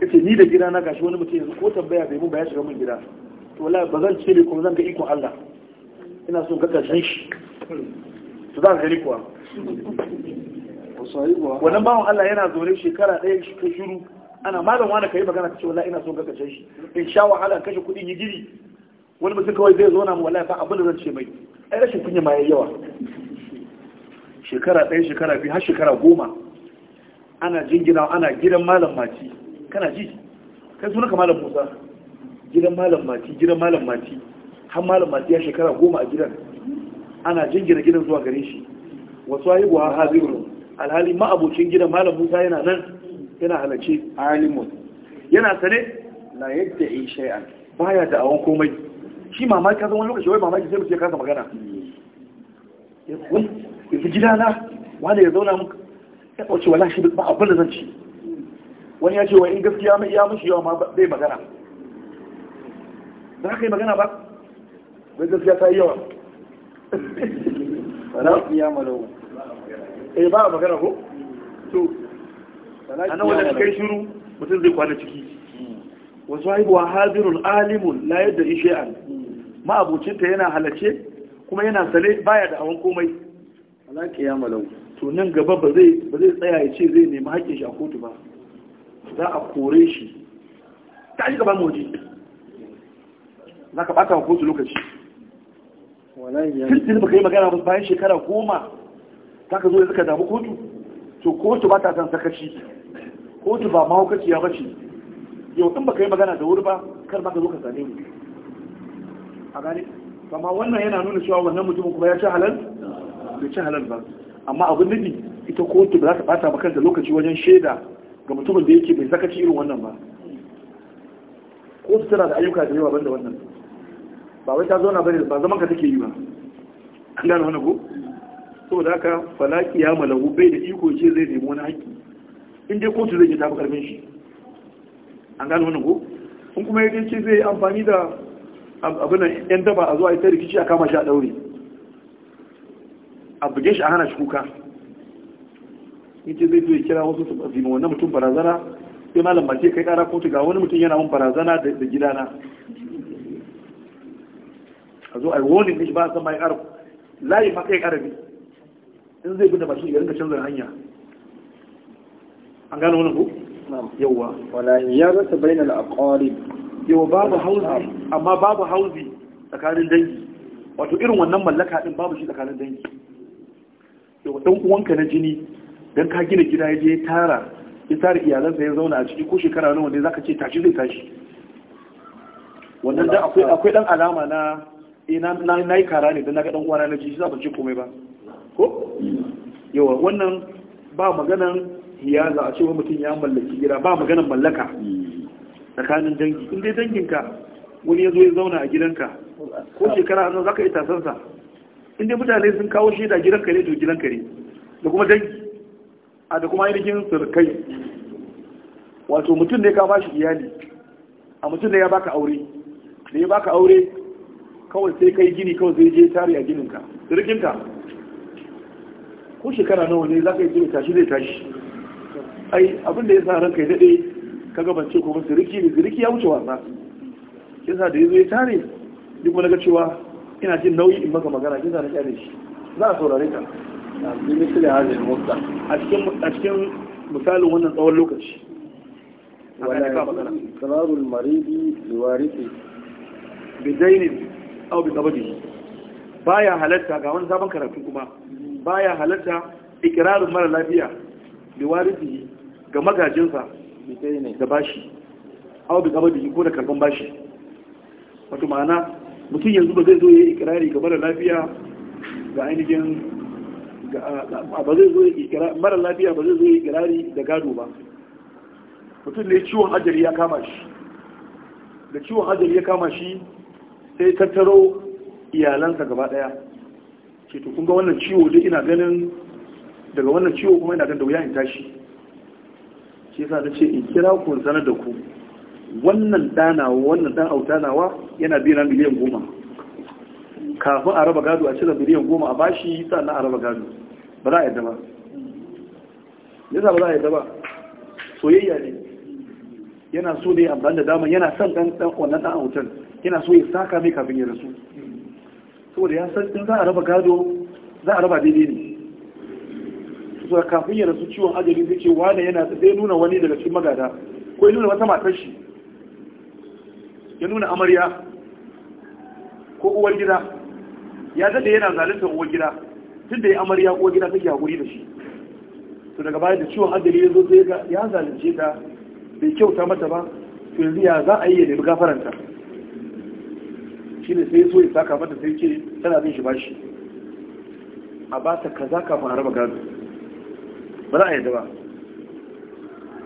ka ce ni da gida na gashi wani mutum yanzu ko tambaya bai mun ba ya shiga mun gida to wala ba zan ce kuma zan ga ikon Allah ina so ga karshen shi to za ka gani kuwa wannan bawan Allah yana zaune shekara ɗaya shi ka shiru ana malam wani ka yi magana ka ce wala ina so ga karshen shi in sha wahala kashe kuɗin yi gini. wani mutum kawai zai zo na mu wallahi fa abin da zan ce mai ai rashin kunya ma yayi yawa shekara ɗaya shekara biyu har shekara goma ana jingina ana gidan malam mati kana ji kai sunaka malam musa gidan malam mati gidan malam mati har malam mati ya shekara goma a gidan ana jingina gidan zuwa gare shi wasu haihu har hazirun alhali ma abokin gidan malam musa yana nan yana halarci alimun yana sane la yadda yi shay'an baya da awon komai shi mamaki kan wani lokaci wai mamaki sai mutum ya kasa magana na gidana wani ya zauna muka ya ɓauce wa lashi ba abin da zan wani ya ce wa in gaskiya mai iya mashi yawa ma bai magana za ka yi magana ba bai gaskiya ta yi yawa sana ya malau eh ba a magana ko to ana wanda kai shiru mutum zai kwana ciki wa sahibuwa hadirun alimun la yadda ishe'an ma'abucinta yana halace kuma yana sale baya da awon komai ala ya malau to nan gaba ba zai ba zai tsaya ya ce zai nemi haƙƙin shi a kotu ba za a kore shi ta shi gaban moji za ka ɓata wa kotu lokaci kristin ba ka yi magana ba bayan shekara goma za ka zo ya zaka damu kotu to kotu ba ta san sakaci kotu ba mahaukaciya ba ce yau in baka yi magana da wuri ba kar ba ka zo ka same ni a gane amma wannan yana nuna cewa wannan mutumin kuma ya ci halal bai ci halal ba amma abin nufi ita kotu ba za ta bata maka da lokaci wajen shaida ga mutumin da yake bai zakaci irin wannan ba kotu tana da ayyuka da yawa banda wannan ba wai ta zauna bane ba zaman ka take yi ba an gane wannan ko saboda haka falaki ya malahu bai da iko ce zai nemi wani haƙƙi in dai kotu zai je ta fi karfin shi an gano wannan ko in kuma ya ce zai amfani da abin yan daba a zuwa ita rikici a kama shi a daure a buge shi a hana shi kuka ce zai zai ya kira wasu su ma wannan mutum barazana sai malam ba ce kai kara kotu ga wani mutum yana mun barazana da gidana a zo ai warning ne ba san ya kara layi ma kai bi in zai bi da bashi ya rinka canza hanya an gano wani ko yawa wala yarata bainal aqarib yawa babu hauzi amma babu hauzi tsakanin dangi wato irin wannan mallaka din babu shi tsakanin dangi yawa dan uwanka na jini dan ka gina gida ya je tara ya tara iyalansa ya zauna a ciki ko shekara nawa ne zaka ce tashi zai tashi wannan da akwai akwai dan alama na ina eh, na nayi kara ne dan naga dan uwana na ji shi za ban ce komai ba ko yawa wannan ba maganan za a cewa mutum ya mallaki gida ba maganar mallaka hmm. tsakanin dangi in dai danginka wani ya zo ya zauna a gidanka ko shekara a za ka yi tasansa in dai mutane sun kawo shaida gidanka ne to gidanka ne da kuma dangi a da kuma ainihin surkai wato mutum ne ka ba shi iyali a mutum ne ya baka aure da ya baka aure kawai sai kai gini kawai zai je tare a gininka sirkinka ko shekara nawa ne za ka yi tashi zai tashi ai abin da ya sa ranka ya daɗe ka gabance ko ba siriki ne siriki ya wuce wasa sa da yazo ya tare duk wani ga cewa ina jin nauyi in maka magana kin sa na kyale shi za a saurare ka a cikin a cikin misalin wannan tsawon lokaci kararul maridi liwarifi bidainin au bi kabadi baya halatta ga wani sabon karatu kuma baya halatta ikirarin mara lafiya liwarifi ga magajinsa da bashi awa bi gaba da ko da karban bashi wato ma'ana mutum yanzu ba zai zo ya ikirari ga mara lafiya ga ainihin ba zai zo mara lafiya ba zai zo ya ikirari da gado ba mutum ne ciwon ajali ya kama shi da ciwon ajali ya kama shi sai tattaro iyalansa gaba daya ce to kun ga wannan ciwo dai ina ganin daga wannan ciwo kuma ina ganin da wuya in tashi shi yasa ta ce in kira ku sanar da ku wannan danawa wannan dan autanawa yana biyan miliyan goma kafin a raba gado a cire miliyan goma a bashi sannan a raba gado ba za a yadda ba yasa ba za a yadda ba soyayya ne yana so ne amfani da dama, yana son dan dan wannan dan autan yana so ya saka mai kafin ya rasu saboda ya san in za a raba gado za a raba daidai ne suka kafin ya rasu ciwon ajali zai ce wane yana zai nuna wani daga cikin magada ko ya nuna wata matar shi ya nuna amarya ko uwar gida ya daɗe yana zalinta uwar gida tun da ya amarya uwar gida take haƙuri da shi to daga baya da ciwon ajali ya zo zai ga ya zalunce ta bai kyauta mata ba to yanzu ya za a yi ya nemi gafaranta shine sai so ya saka mata sai ce tana bin shi bashi a ba ta kaza kafin a raba gado ba za a yadda ba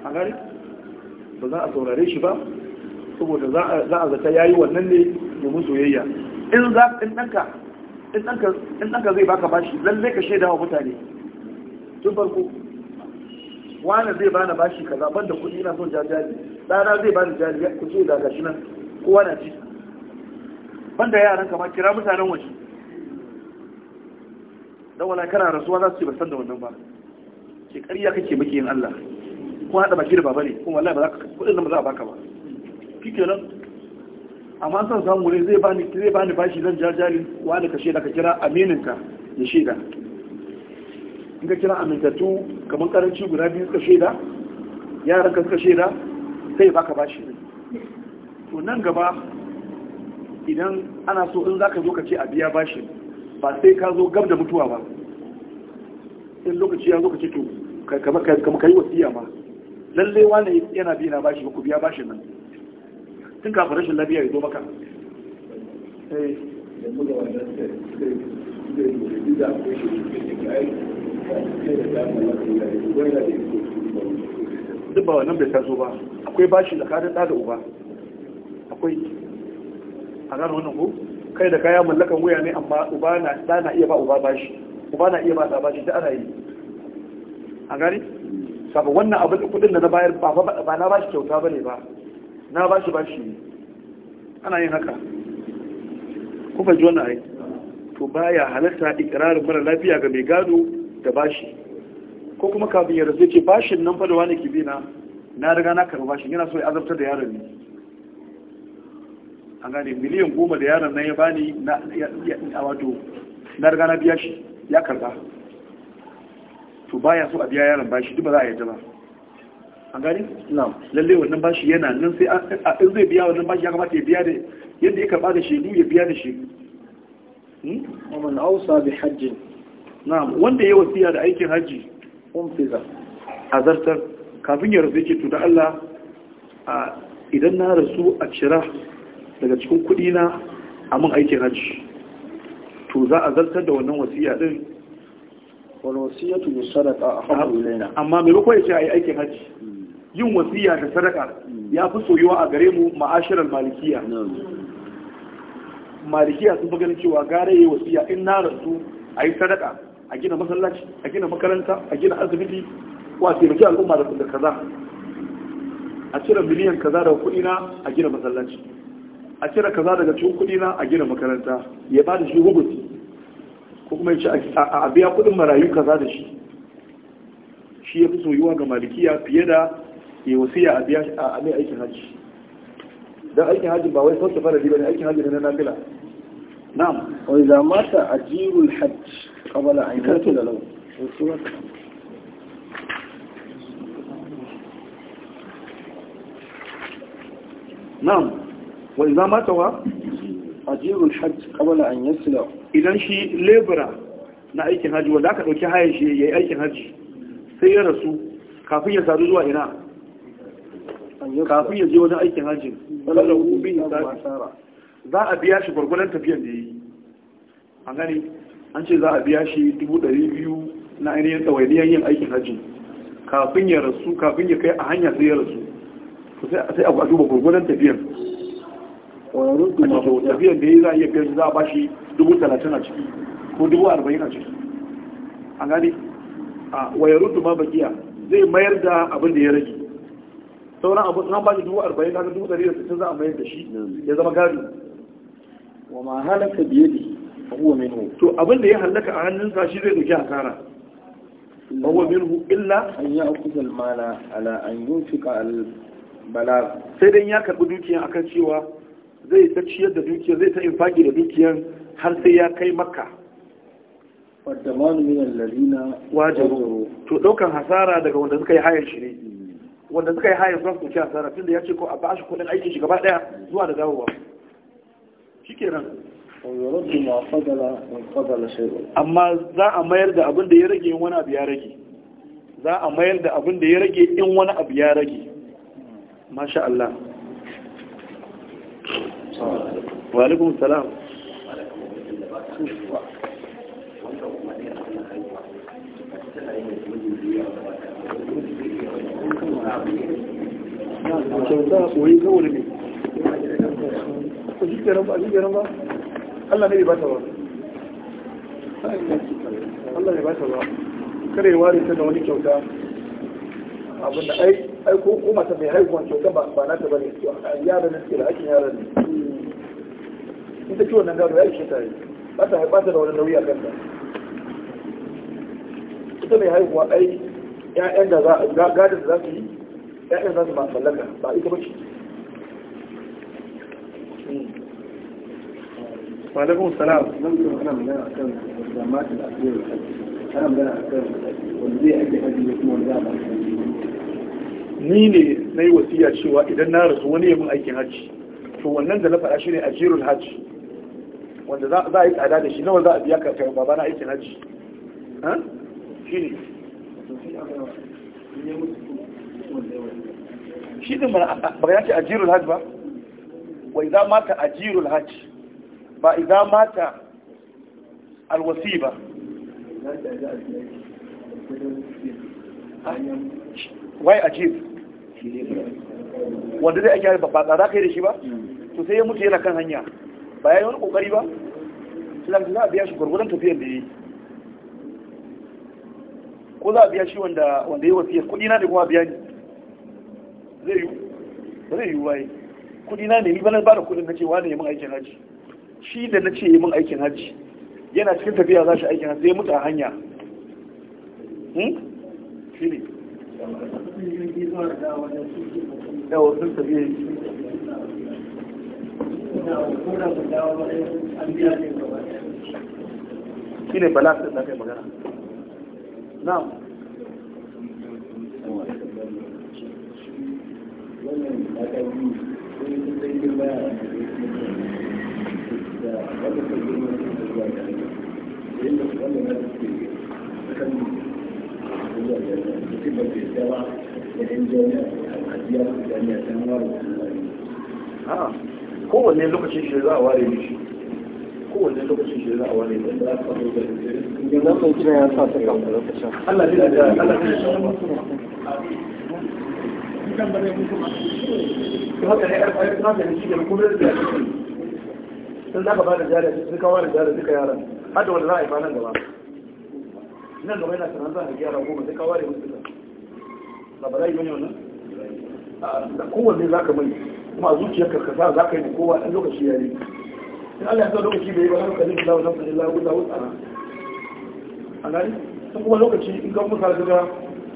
a gari ba za a saurare shi ba saboda za a zata yayi wannan ne domin soyayya in za in ɗanka in ɗanka zai baka bashi lalle ka shaida wa mutane tun farko wani zai bani bashi kaza zaɓar da kuɗi ina son jajali ɗana zai bani jajali ya ce da gashi nan kowa na ci Banda yaran kama kira mutanen waje don wala kana rasuwa za su ce ba san da wannan ba ke ƙarya kake maki yin Allah ko haɗa baki da baba ne kuma wallahi ba za ka kuɗin nan ba za a baka ba shikenan amma san samu ne zai bani zai bani bashi zan jajari wani ka shaida ka kira amininka ya shaida in ka kira amintattu kamar karanci guda biyu suka shaida yaran ka suka shaida sai baka bashi ne to nan gaba idan ana so in zaka zo ka ce a biya bashi ba sai ka zo gab da mutuwa ba in lokaci ya zo ka ce to kama kai wasiya ma lalle wane yana bi na bashi ku biya bashi nan tun kafin rashin lafiya ya zo maka eh. duk ba wannan bai taso ba akwai bashi da kada da uba akwai a gano wannan ko kai da kaya mallakan wuya ne amma uba na iya ba uba bashi uba na iya ba ta bashi ta ana yi a gari sabu wannan abin kudin da na bayar ba na bashi kyauta bane ba na bashi bashi ana yin haka kuma ji wannan ai to baya halatta ikirarin mara lafiya ga mai gado da bashi ko kuma kafin ya rasu ce bashin nan fa da wani kibi na na riga na karba bashin yana so ya azabtar da yaron ne an gane miliyan goma da yaron nan ya bani na wato na riga na biya shi ya karba to ya so a biya yaron bashi duk ba za a yarda ba a gani? na lalle wannan bashi yana nan sai a in zai biya wannan bashi ya kamata ya biya da yadda ya karɓa da shi shedu ya biya da shi. Hmm? wanda ya wasiya da aikin haji umfiza azartar kafin ya rasu yake to da Allah idan na rasu a cira daga cikin kudi na a mun aikin hajji to za a zartar da wannan wasiya din wasiyatu bis sadaqa ahabbu ilaina amma me ko yace ai aikin haji yin wasiya da sadaka ya fi soyuwa a gare mu ma'ashiral malikiya malikiya sun fi ganin cewa gare yayi wasiya in na rasu ayi sadaka a gina masallaci a gina makaranta a gina asibiti ko a taimaki al'umma da kaza a cire miliyan kaza daga kudina a gina masallaci a cire kaza daga cikin kudina a gina makaranta ya ba da shi hukunci ko kuma ya ce a abiya kudin marayu kaza da shi shi ya fi soyuwa ga malikiya fiye da ya wasiya a biya a mai aikin hajji don aikin hajji ba wai sauke fara riba ne aikin hajji na nafila na'am wa idza mata ajirul hajj qabla an da law na'am wa idza mata wa ajirul hajj qabla an yasla idan shi lebura na aikin haji wanda aka dauki hayar shi yayi aikin haji sai ya rasu kafin ya sadu zuwa ina kafin ya je wajen aikin haji sallallahu bihi za a biya shi gwargwadon tafiyan da yayi an gani an ce za a biya shi dubu ɗari biyu na ainihin tsawainiyar yin aikin haji kafin ya rasu kafin ya kai a hanya sai ya rasu sai a duba gwargwadon tafiyan ƙwararrun tumaho tafiyan da ya za a iya biyan za a bashi dubu talatin a ciki ko dubu arba'in a ciki an gani a wayarun tuma bakiya zai mayar da abin da ya rage sauran abu sun bashi dubu arba'in haka dubu ɗari da sittin za a mayar da shi ya zama gado wa ma halaka biye ne huwa minhu to abin da ya halaka a hannunsa shi zai ɗauki asara huwa minhu illa an ya akuza mala ala an yunfika al balagh sai dai ya karɓi dukiya akan cewa zai ta ciyar da dukiyar zai ta infaki da dukiyar har sai ya kai makka wadamanu minan lalina wajaru to daukan hasara daga wanda suka yi hayar shi ne wanda suka yi hayar zuwa su ci hasara tunda ya ce ko a bashi kudin aikin shi gaba daya zuwa da dawowa shikenan amma za a mayar da abin da ya rage in wani abu ya rage za a mayar da abin da ya rage in wani abu ya rage masha Allah wa alaikum salam kyauta Allah ne ba ta ba Allah ne ba ta ba kare ta da wani kyauta abinda ai ko kuma ta mai haihuwan kyauta ba ba na ta bane to yaran da suke da hakkin yaran ne in ta ci wannan gado ya ishe ta yi ba ta ba ta da wani nauyi a kanta ita mai haihuwa ai ƴaƴan da za gadon da za su yi ƴaƴan za su ma mallaka ba ita ba ce Malakun salam. Zan kuma ana magana a kan jama'a da ake yi ana magana a kan wanda zai ake hajji kuma wanda za a ba ni ne na yi wasiya cewa idan na rasu wani yamin aikin hajji to wannan da na faɗa shi ne a jirul hajji wanda za a yi tsada da shi nawa za a biya ka kai babana aikin hajji shi ne ba ya ce a jirul hajji ba wai za mata a jirul hajji ba iza mata alwasi ba wai ajiyar wanda zai ake ba tsada yi da shi ba to sai ya mutu yana kan hanya ba ya yi wani kokari ba sai za a biya shi gwargwadon tafiyar da ya yi ko za a biya shi wanda ya yi wasiyar kudi na ne kuma biya ni zai yi ba zai yi waye kudi na ne ni bana da kudin na ce wani ya mun aikin haji shi da na ce ya mun aikin haji yana cikin tafiya za shi aikin haji zai mutu a hanya hmm? shi ne yawa sun tafi shi ne bala sun lafiya magana na Thank you. da a ware kowanne lokacin shi za a ware mishi kowanne lokacin shi za a ware da za a samu da ya sa ta kama lokacin Allah ne da Allah ne da ne ya ne da da sun zaka ba da jari sun kawo da jari duka yaran har da wanda za a yi ba nan gaba nan gaba yana sanar za a gyara goma sai kawo da ba yi bane wannan da kowanne za ka mai kuma a zuciyar karkasa za ka yi kowa ɗan lokaci ya yi in Allah ya sa lokaci bai yi ba haka zai lawa nan sai lawa lawa tsara a gani, sun kuma lokaci in ka musa ka ga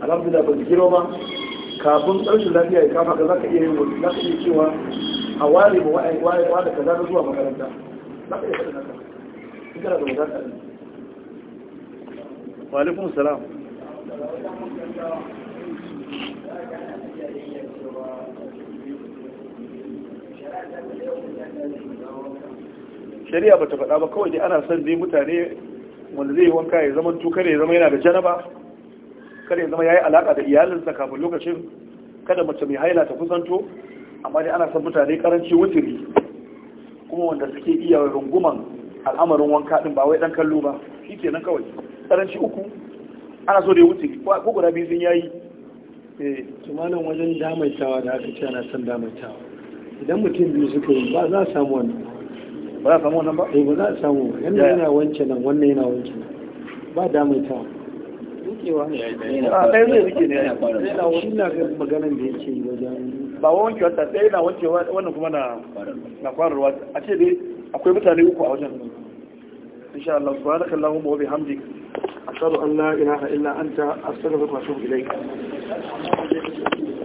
alhamdulillah ba zikiro ba kafin rashin lafiya ya kama ka za ka iya yin wani za ka iya cewa a ware ba wa da kaza na zuwa makaranta za ka iya faɗin haka in kana da wadata ne wa alaikum salam shari'a ba ta faɗa ba kawai dai ana son dai mutane wanda zai yi wanka ya zama tukar ya zama yana da janaba kada ya zama ya yi alaƙa da iyalinsa kafin lokacin kada mace mai haila ta kusanto amma dai ana son mutane karanci wuturi kuma wanda suke iya runguman al'amarin wanka ɗin ba wai ɗan kallo ba shi kenan kawai karanci uku ana so da ya wuturi ko guda biyu sun yayi eh tumanin wajen damaitawa da aka ce ana son damaitawa idan mutum biyu suka yi ba za a samu wannan ba za a samu wannan ba eh ba za a samu yanda yana wance nan wannan yana wance nan ba damaitawa dukewa ne a ah, ɗaya zai rike ne shi na ga maganan da yake yi wajen ba wa wankewa ta ɗaya na wankewa wannan kuma na kwararwa a ce dai akwai mutane uku a wajen insha Allah subhanaka allahumma wa bihamdika ashhadu an la ilaha illa anta astaghfiruka wa atubu